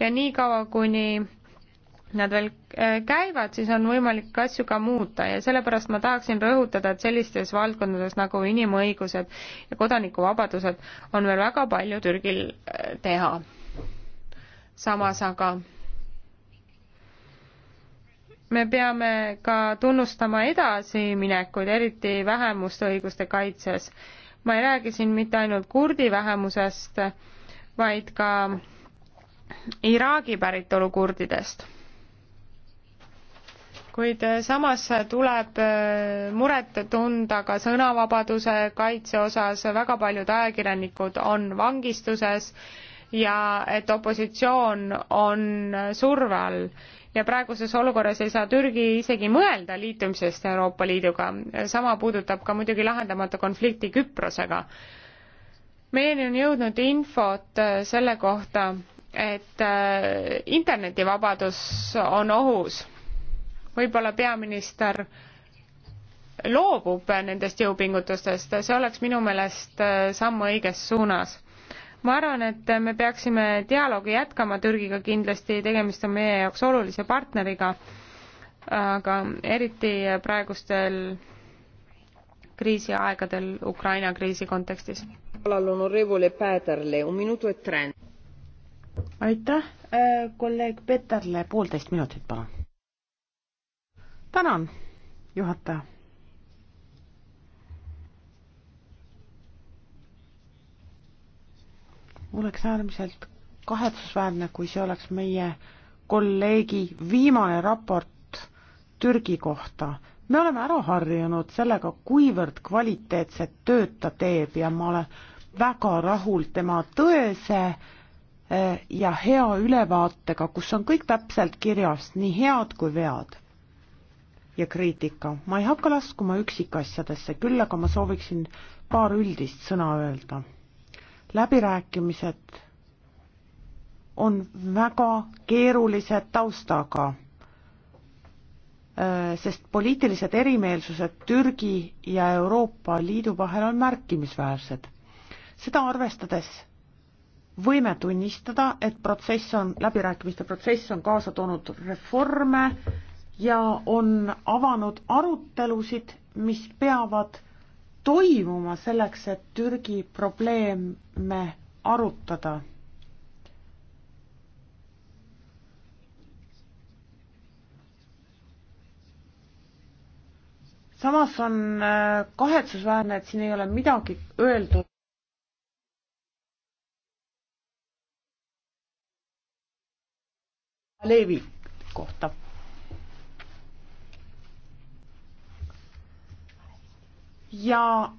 [SPEAKER 1] ja niikaua, kuni nad veel äh, käivad, siis on võimalik asju ka muuta ja sellepärast ma tahaksin rõhutada, et sellistes valdkondades nagu inimõigused ja kodanikuvabadused on veel väga palju Türgil äh, teha. samas aga me peame ka tunnustama edasiminekuid, eriti vähemuste õiguste kaitses. ma ei räägi siin mitte ainult kurdi vähemusest, vaid ka Iraagi päritolu kurdidest kuid äh, samas äh, tuleb äh, muret tunda ka sõnavabaduse kaitse osas, väga paljud ajakirjanikud on vangistuses ja et opositsioon on surve all ja praeguses olukorras ei saa Türgi isegi mõelda liitumisest Euroopa Liiduga. sama puudutab ka muidugi lahendamata konflikti Küprosega. meieni on jõudnud infot selle kohta, et internetivabadus on ohus võib-olla peaminister loobub nendest jõupingutustest, see oleks minu meelest äh, samm õiges suunas. ma arvan, et me peaksime dialoogi jätkama Türgiga kindlasti, tegemist on meie jaoks olulise partneriga, aga eriti praegustel kriisiaegadel Ukraina kriisi kontekstis. E
[SPEAKER 2] aitäh, äh, kolleeg Peterle, poolteist minutit palun tänan, juhataja. oleks äärmiselt kahetsusväärne, kui see oleks meie kolleegi viimane raport Türgi kohta. me oleme ära harjunud sellega, kuivõrd kvaliteetset tööd ta teeb ja ma olen väga rahul tema tõese eh, ja hea ülevaatega, kus on kõik täpselt kirjas, nii head kui vead ja kriitika. ma ei hakka laskuma üksikasjadesse, küll aga ma sooviksin paar üldist sõna öelda. läbirääkimised on väga keerulise taustaga, äh, sest poliitilised erimeelsused Türgi ja Euroopa Liidu vahel on märkimisväärsed. seda arvestades võime tunnistada, et protsess on, läbirääkimiste protsess on kaasa toonud reforme, ja on avanud arutelusid, mis peavad toimuma selleks, et Türgi probleeme arutada. samas on äh, kahetsusväärne, et siin ei ole midagi öeldud. Leevi kohta ja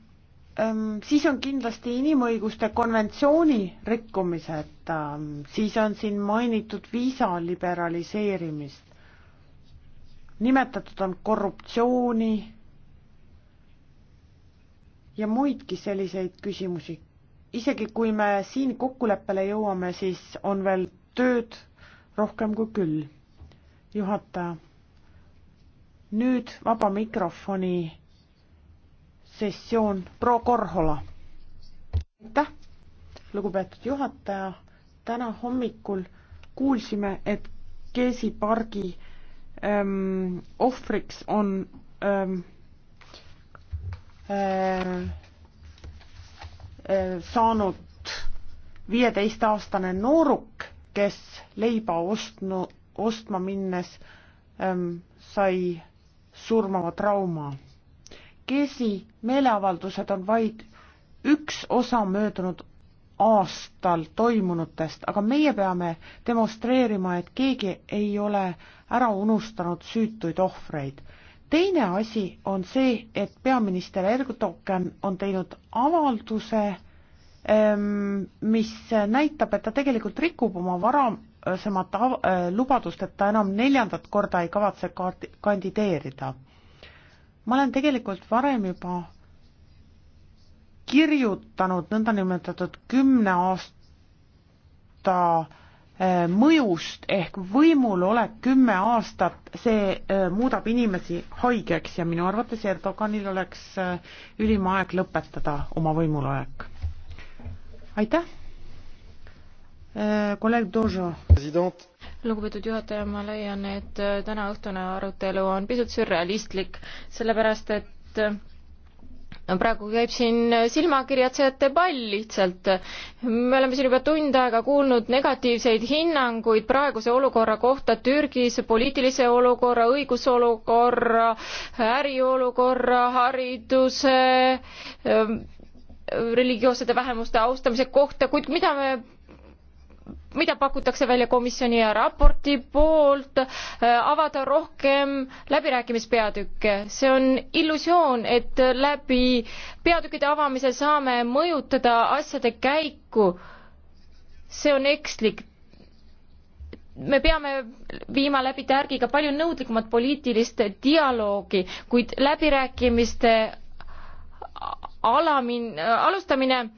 [SPEAKER 2] ähm, siis on kindlasti inimõiguste konventsiooni rikkumised ähm,, siis on siin mainitud viisa liberaliseerimist, nimetatud on korruptsiooni ja muidki selliseid küsimusi. isegi kui me siin kokkuleppele jõuame, siis on veel tööd rohkem kui küll. juhataja, nüüd vaba mikrofoni sessioon, proua Korhola. aitäh, lugupeetud juhataja. täna hommikul kuulsime, et Gezi pargi ähm, ohvriks on ähm, äh, äh, saanud viieteistaastane nooruk, kes leiba ostnu, ostma minnes ähm, sai surmava trauma Gezi meeleavaldused on vaid üks osa möödunud aastal toimunutest, aga meie peame demonstreerima, et keegi ei ole ära unustanud süütuid ohvreid. teine asi on see, et peaminister Erdogan on teinud avalduse, ehm, mis näitab, et ta tegelikult rikub oma varasemat lubadust, et ta enam neljandat korda ei kavatse kandideerida ma olen tegelikult varem juba kirjutanud nõndanimetatud kümne aasta eh, mõjust ehk võimul olek kümme aastat, see eh, muudab inimesi haigeks ja minu arvates Erdoganil oleks eh, ülim aeg lõpetada oma võimulolek. aitäh! kolleeg euh, Dožo.
[SPEAKER 3] lugupeetud juhataja, ma leian, et äh, tänaõhtune arutelu on pisut sürrealistlik, sellepärast et äh, praegu käib siin äh, silmakirjatsejate pall lihtsalt. me oleme siin juba tund aega kuulnud negatiivseid hinnanguid praeguse olukorra kohta Türgis, poliitilise olukorra, õigusolukorra, äriolukorra, hariduse, religioossete vähemuste austamise kohta, kuid mida me mida pakutakse välja komisjoni ja raporti poolt, äh, avada rohkem läbirääkimispeatükke. see on illusioon, et läbi peatükkide avamise saame mõjutada asjade käiku. see on ekslik. me peame viima läbi tärgiga palju nõudlikumat poliitilist dialoogi, kuid läbirääkimiste alamin-, alustamine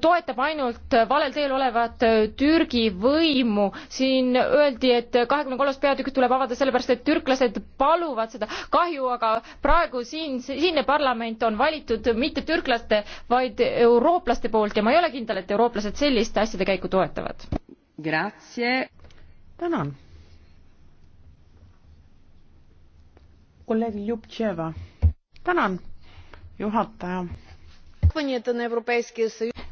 [SPEAKER 3] toetab ainult valel teel olevat Türgi võimu. siin öeldi, et kahekümne kolmas peatükk tuleb avada sellepärast, et türklased paluvad seda kahju, aga praegu siin, siinne parlament on valitud mitte türklaste, vaid eurooplaste poolt ja ma ei ole kindel, et eurooplased selliste asjade käiku toetavad. tänan. kolleeg Ljubtševa. tänan, juhataja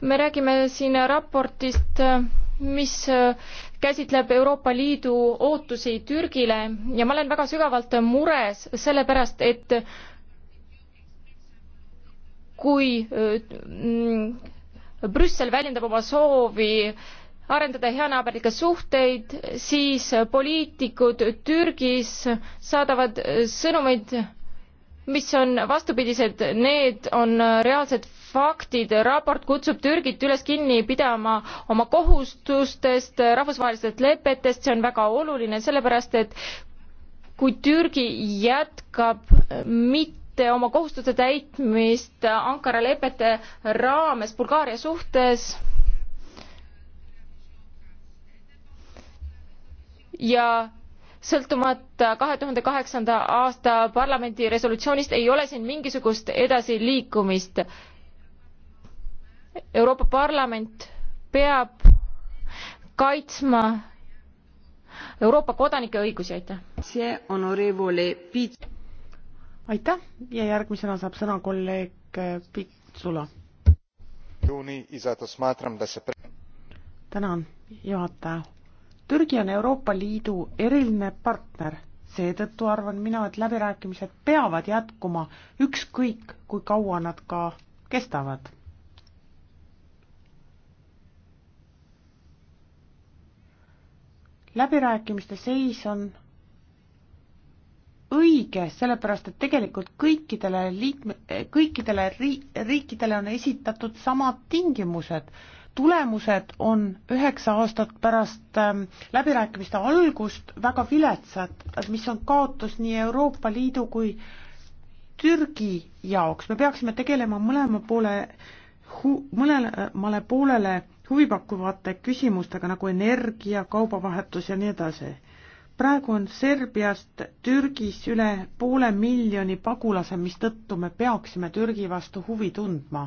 [SPEAKER 3] me räägime siin raportist, mis äh, käsitleb Euroopa Liidu ootusi Türgile ja ma olen väga sügavalt mures sellepärast, et kui äh, Brüssel väljendab oma soovi arendada heanaaberlikke suhteid, siis poliitikud Türgis saadavad sõnumeid, mis on vastupidised, need on reaalsed faktid, raport kutsub Türgit üles kinni pidama oma kohustustest, rahvusvahelistest lepetest, see on väga oluline, sellepärast et kui Türgi jätkab mitte oma kohustuste täitmist Ankara lepete raames Bulgaaria suhtes, ja sõltumata kahe tuhande kaheksanda aasta parlamendi resolutsioonist ei ole siin mingisugust edasiliikumist Euroopa Parlament peab kaitsma Euroopa kodanike õigusi, aitäh.
[SPEAKER 2] aitäh ja järgmisena saab sõna kolleeg äh, Pitsula. tänan, juhataja. Türgi on Euroopa Liidu eriline partner, seetõttu arvan mina, et läbirääkimised peavad jätkuma, ükskõik kui kaua nad ka kestavad läbirääkimiste seis on õige, sellepärast et tegelikult kõikidele liikme, kõikidele ri-, riikidele on esitatud samad tingimused. tulemused on üheksa aastat pärast ähm, läbirääkimiste algust väga viletsad, mis on kaotus nii Euroopa Liidu kui Türgi jaoks, me peaksime tegelema mõlema poole hu-, mõlemale poolele huvipakkuvate küsimustega nagu energia, kaubavahetus ja nii edasi. praegu on Serbiast Türgis üle poole miljoni pagulase, mistõttu me peaksime Türgi vastu huvi tundma.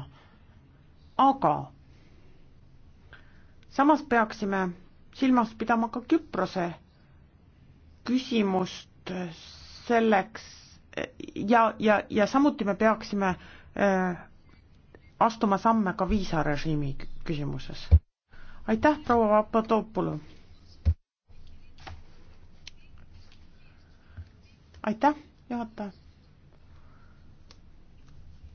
[SPEAKER 2] aga samas peaksime silmas pidama ka Küprose küsimust selleks ja, ja, ja samuti me peaksime äh, astuma samme ka viisarežiimi küsimuses. aitäh, proua Papadopoulou. aitäh, juhataja.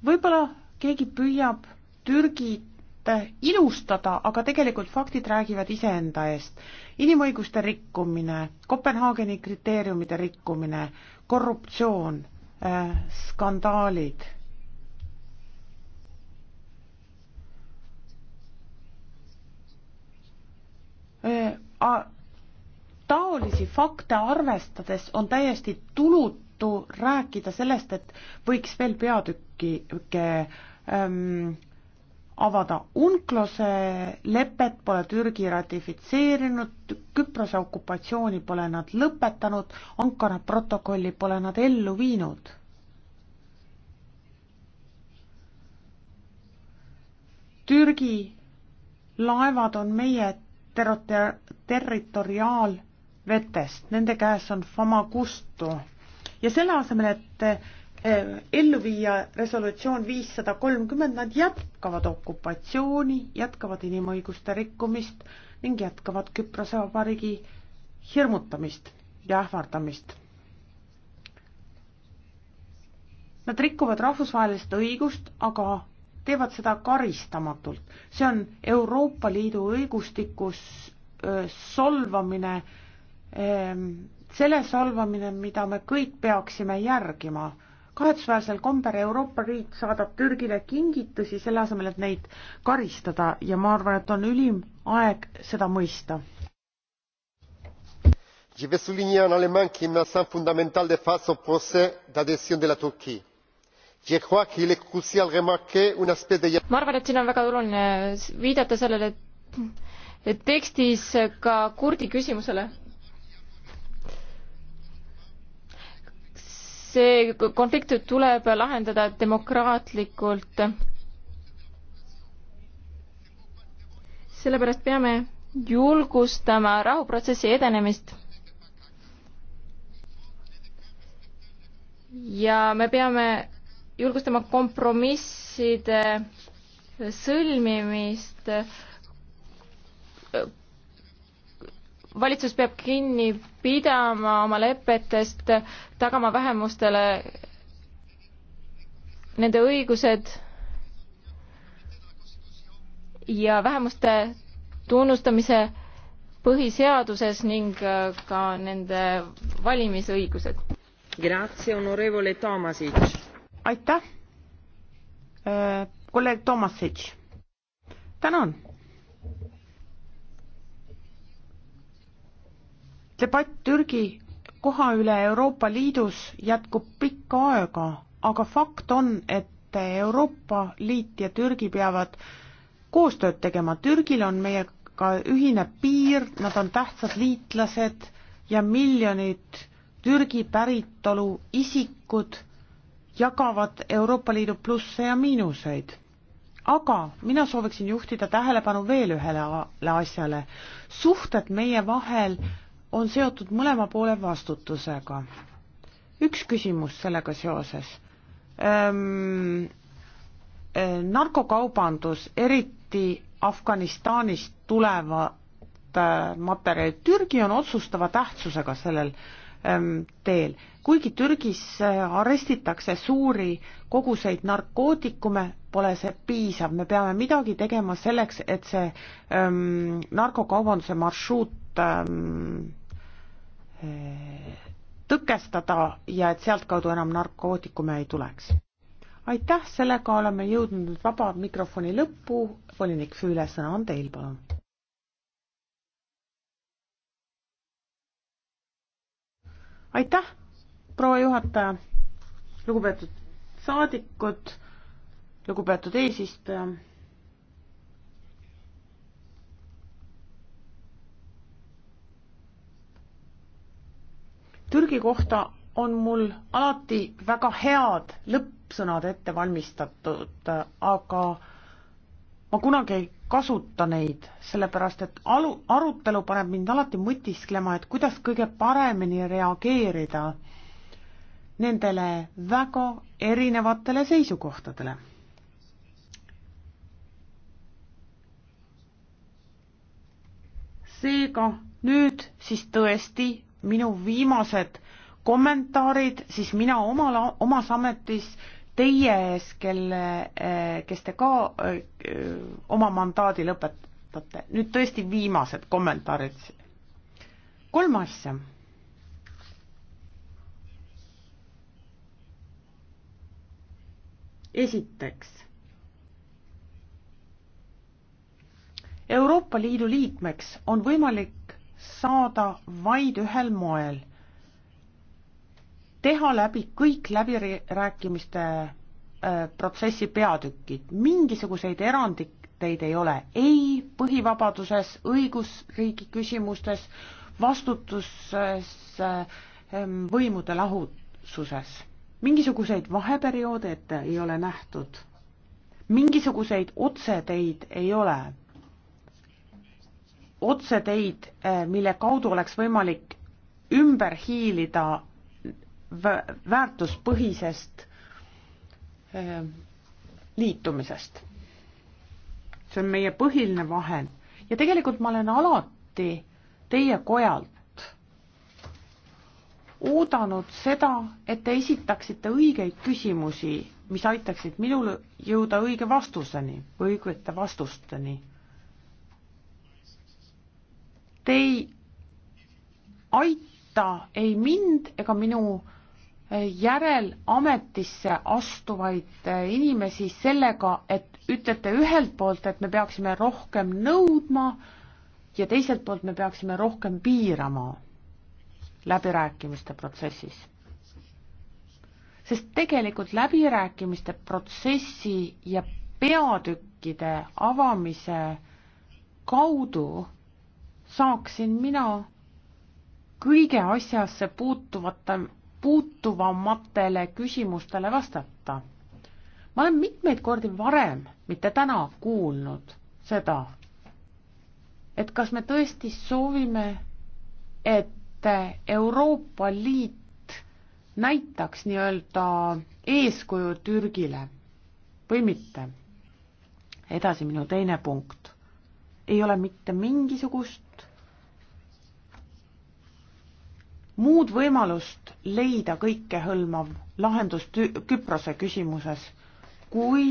[SPEAKER 2] võib-olla keegi püüab Türgit ilustada, aga tegelikult faktid räägivad iseenda eest. inimõiguste rikkumine, Kopenhaageni kriteeriumide rikkumine, korruptsioon, äh, skandaalid taolisi fakte arvestades on täiesti tulutu rääkida sellest, et võiks veel peatükki ähm, avada. UNCLOS-e lepet pole Türgi ratifitseerinud, Küprose okupatsiooni pole nad lõpetanud, Ankara protokolli pole nad ellu viinud. Türgi laevad on meie ter-, territoriaalvetest, nende käes on Famagustu ja selle asemel, et eh, ellu viia resolutsioon viissada kolmkümmend, nad jätkavad okupatsiooni, jätkavad inimõiguste rikkumist ning jätkavad Küprose Vabariigi hirmutamist ja ähvardamist. Nad rikuvad rahvusvahelist õigust, aga teevad seda karistamatult. see on Euroopa Liidu õigustikus solvamine, ehm, selle solvamine, mida me kõik peaksime järgima. kahetsusväärsel kombel Euroopa Liit saadab Türgile kingitusi selle asemel, et neid karistada ja ma arvan, et on ülim aeg seda mõista.
[SPEAKER 1] Je vais souligner en allemand qu'il me semble fondamental de faire son procès d'adhésion de la Turquie
[SPEAKER 3] ma arvan et siin on väga oluline viidata sellele et tekstis ka kurdi küsimusele see konflikt tuleb lahendada demokraatlikult sellepärast peame julgustama rahuprotsessi edenemist ja me peame julgustama kompromisside sõlmimist. valitsus peab kinni pidama oma lepetest, tagama vähemustele nende õigused ja vähemuste tunnustamise põhiseaduses ning ka nende valimisõigused.
[SPEAKER 2] Grazie, onorevole Tomasic
[SPEAKER 3] aitäh, äh, kolleeg
[SPEAKER 2] Tomasitš. tänan. debatt Türgi koha üle Euroopa Liidus jätkub pikka aega, aga fakt on, et Euroopa Liit ja Türgi peavad koostööd tegema, Türgil on meiega ühine piir, nad on tähtsad liitlased ja miljonid Türgi päritolu isikud jagavad Euroopa Liidu plusse ja miinuseid. aga mina sooviksin juhtida tähelepanu veel ühele asjale. suhted meie vahel on seotud mõlema poole vastutusega. üks küsimus sellega seoses ähm,. narkokaubandus, eriti Afganistanist tulevad äh, e, materjalid, Türgi on otsustava tähtsusega sellel äh, Ähm, teel. kuigi Türgis äh, arestitakse suuri koguseid narkootikume, pole see piisav, me peame midagi tegema selleks, et see ähm, narkokaubanduse marsruut ähm, äh, tõkestada ja et sealtkaudu enam narkootikume ei tuleks. aitäh, sellega oleme jõudnud vaba mikrofoni lõppu, volinik Füüle, sõna on teil, palun. aitäh, proua juhataja, lugupeetud saadikud, lugupeetud eesistuja. Türgi kohta on mul alati väga head lõppsõnad ette valmistatud, aga ma kunagi ei kasuta neid, sellepärast et alu, arutelu paneb mind alati mõtisklema, et kuidas kõige paremini reageerida nendele väga erinevatele seisukohtadele. seega nüüd siis tõesti minu viimased kommentaarid, siis mina omal, omas ametis äh, teie ees, kelle, eh, kes te ka öö, eh, oma mandaadi lõpetate. nüüd tõesti viimased kommentaarid. kolm asja. esiteks, Euroopa Liidu liikmeks on võimalik saada vaid ühel moel teha läbi kõik läbirääkimiste äh, protsessi peatükid, mingisuguseid eranditeid ei ole, ei põhivabaduses, õigusriigi küsimustes, vastutuses, äh, võimude lahususes. mingisuguseid vaheperioode ette ei ole nähtud, mingisuguseid otseteid ei ole, otseteid, äh, mille kaudu oleks võimalik ümber hiilida väärtuspõhisest ähm, liitumisest. see on meie põhiline vahend ja tegelikult ma olen alati teie kojalt oodanud seda, et te esitaksite õigeid küsimusi, mis aitaksid minul jõuda õige vastuseni või õigete vastusteni. Te ei aita mõjuta ei mind ega minu eh, järel ametisse astuvaid eh, inimesi sellega, et ütlete ühelt poolt, et me peaksime rohkem nõudma ja teiselt poolt me peaksime rohkem piirama läbirääkimiste protsessis. sest tegelikult läbirääkimiste protsessi ja peatükkide avamise kaudu saaksin mina kõige asjasse puutuvate, puutuvamatele küsimustele vastata. ma olen mitmeid kordi varem, mitte täna, kuulnud seda, et kas me tõesti soovime, et Euroopa Liit näitaks nii-öelda eeskuju Türgile või mitte. edasi minu teine punkt. ei ole mitte mingisugust muud võimalust leida kõikehõlmav lahendus Küprose küsimuses, kui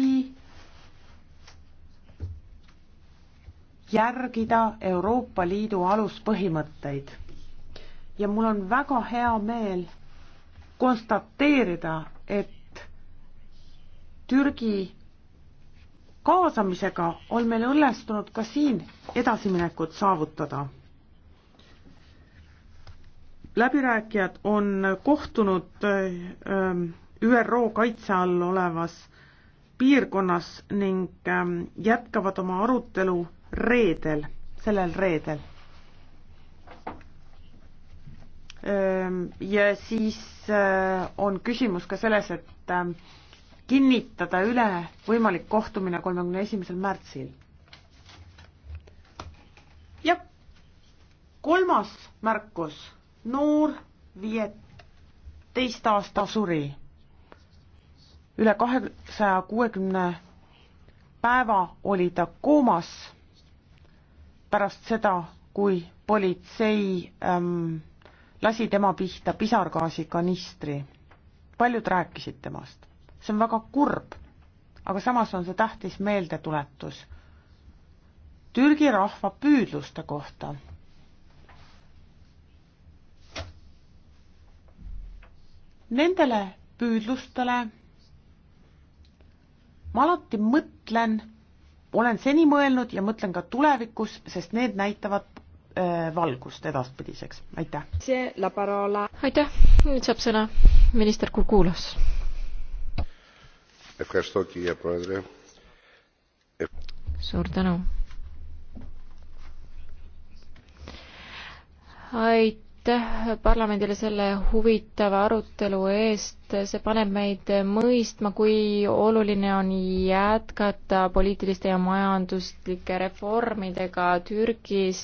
[SPEAKER 2] järgida Euroopa Liidu aluspõhimõtteid. ja mul on väga hea meel konstateerida, et Türgi kaasamisega on meil õnnestunud ka siin edasiminekut saavutada läbirääkijad on kohtunud ähm, ÜRO kaitse all olevas piirkonnas ning ähm, jätkavad oma arutelu reedel, sellel reedel. Ähm, ja siis äh, on küsimus ka selles, et kinnitada üle võimalik kohtumine kolmekümne esimesel märtsil. ja kolmas märkus noor viieteist aasta suri üle kahesaja kuuekümne päeva oli ta koomas pärast seda, kui politsei ähm, lasi tema pihta pisargaasikanistri. paljud rääkisid temast, see on väga kurb, aga samas on see tähtis meeldetuletus Türgi rahva püüdluste kohta nendele püüdlustele ma alati mõtlen, olen seni mõelnud ja mõtlen ka tulevikus, sest need näitavad äh, valgust edaspidiseks, aitäh.
[SPEAKER 3] aitäh, nüüd saab sõna minister Kukulas. suur tänu. aitäh aitäh parlamendile selle huvitava arutelu eest, see paneb meid mõistma, kui oluline on jätkata poliitiliste ja majanduslike reformidega Türgis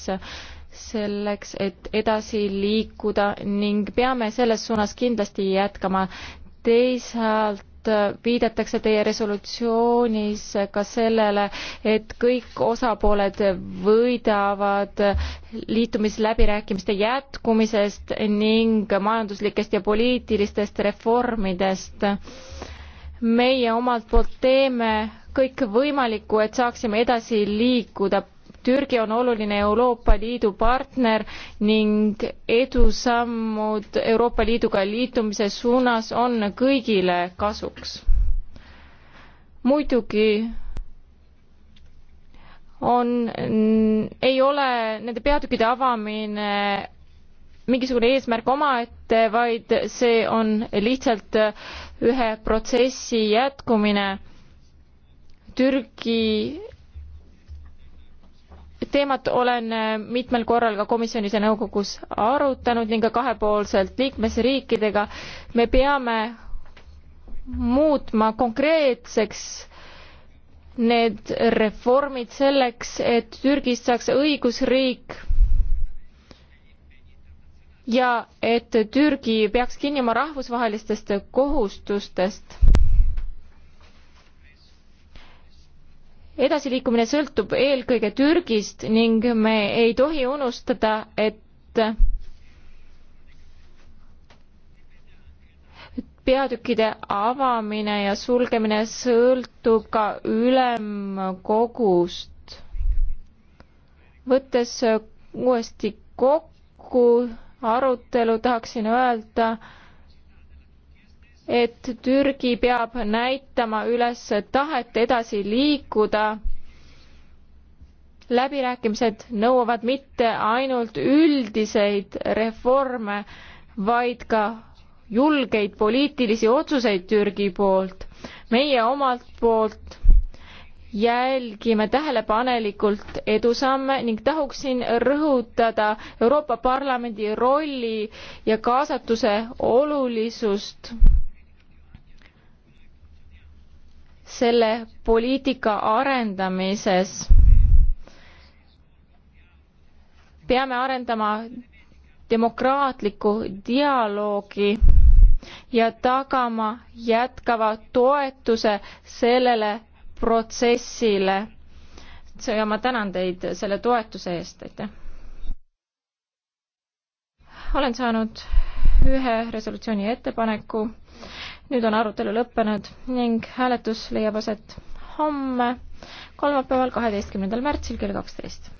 [SPEAKER 3] selleks, et edasi liikuda ning peame selles suunas kindlasti jätkama. teisalt Äh, viidatakse teie resolutsioonis ka sellele, et kõik osapooled võidavad liitumisläbirääkimiste jätkumisest ning majanduslikest ja poliitilistest reformidest. meie omalt poolt teeme kõik võimalikku, et saaksime edasi liikuda Türgi on oluline Euroopa Liidu partner ning edusammud Euroopa Liiduga liitumise suunas on kõigile kasuks. muidugi on, ei ole nende peatükkide avamine mingisugune eesmärk omaette, vaid see on lihtsalt ühe protsessi jätkumine. Türgi teemat olen äh, mitmel korral ka komisjonis ja nõukogus arutanud ning ka kahepoolselt liikmesriikidega. me peame muutma konkreetseks need reformid selleks, et Türgist saaks õigusriik ja et Türgi peaks kinni oma rahvusvahelistest kohustustest edasiliikumine sõltub eelkõige Türgist ning me ei tohi unustada, et peatükkide avamine ja sulgemine sõltub ka ülemkogust. võttes uuesti kokku arutelu, tahaksin öelda, et Türgi peab näitama üles tahet edasi liikuda. läbirääkimised nõuavad mitte ainult üldiseid reforme, vaid ka julgeid poliitilisi otsuseid Türgi poolt. meie omalt poolt jälgime tähelepanelikult edusamme ning tahaksin rõhutada Euroopa Parlamendi rolli ja kaasatuse olulisust selle poliitika arendamises peame arendama demokraatlikku dialoogi ja tagama jätkava toetuse sellele protsessile. ja ma tänan teid selle toetuse eest, aitäh. olen saanud ühe resolutsiooni ettepaneku nüüd on arutelu lõppenud ning hääletus leiab aset homme, kolmapäeval, kaheteistkümnendal märtsil kell kaksteist.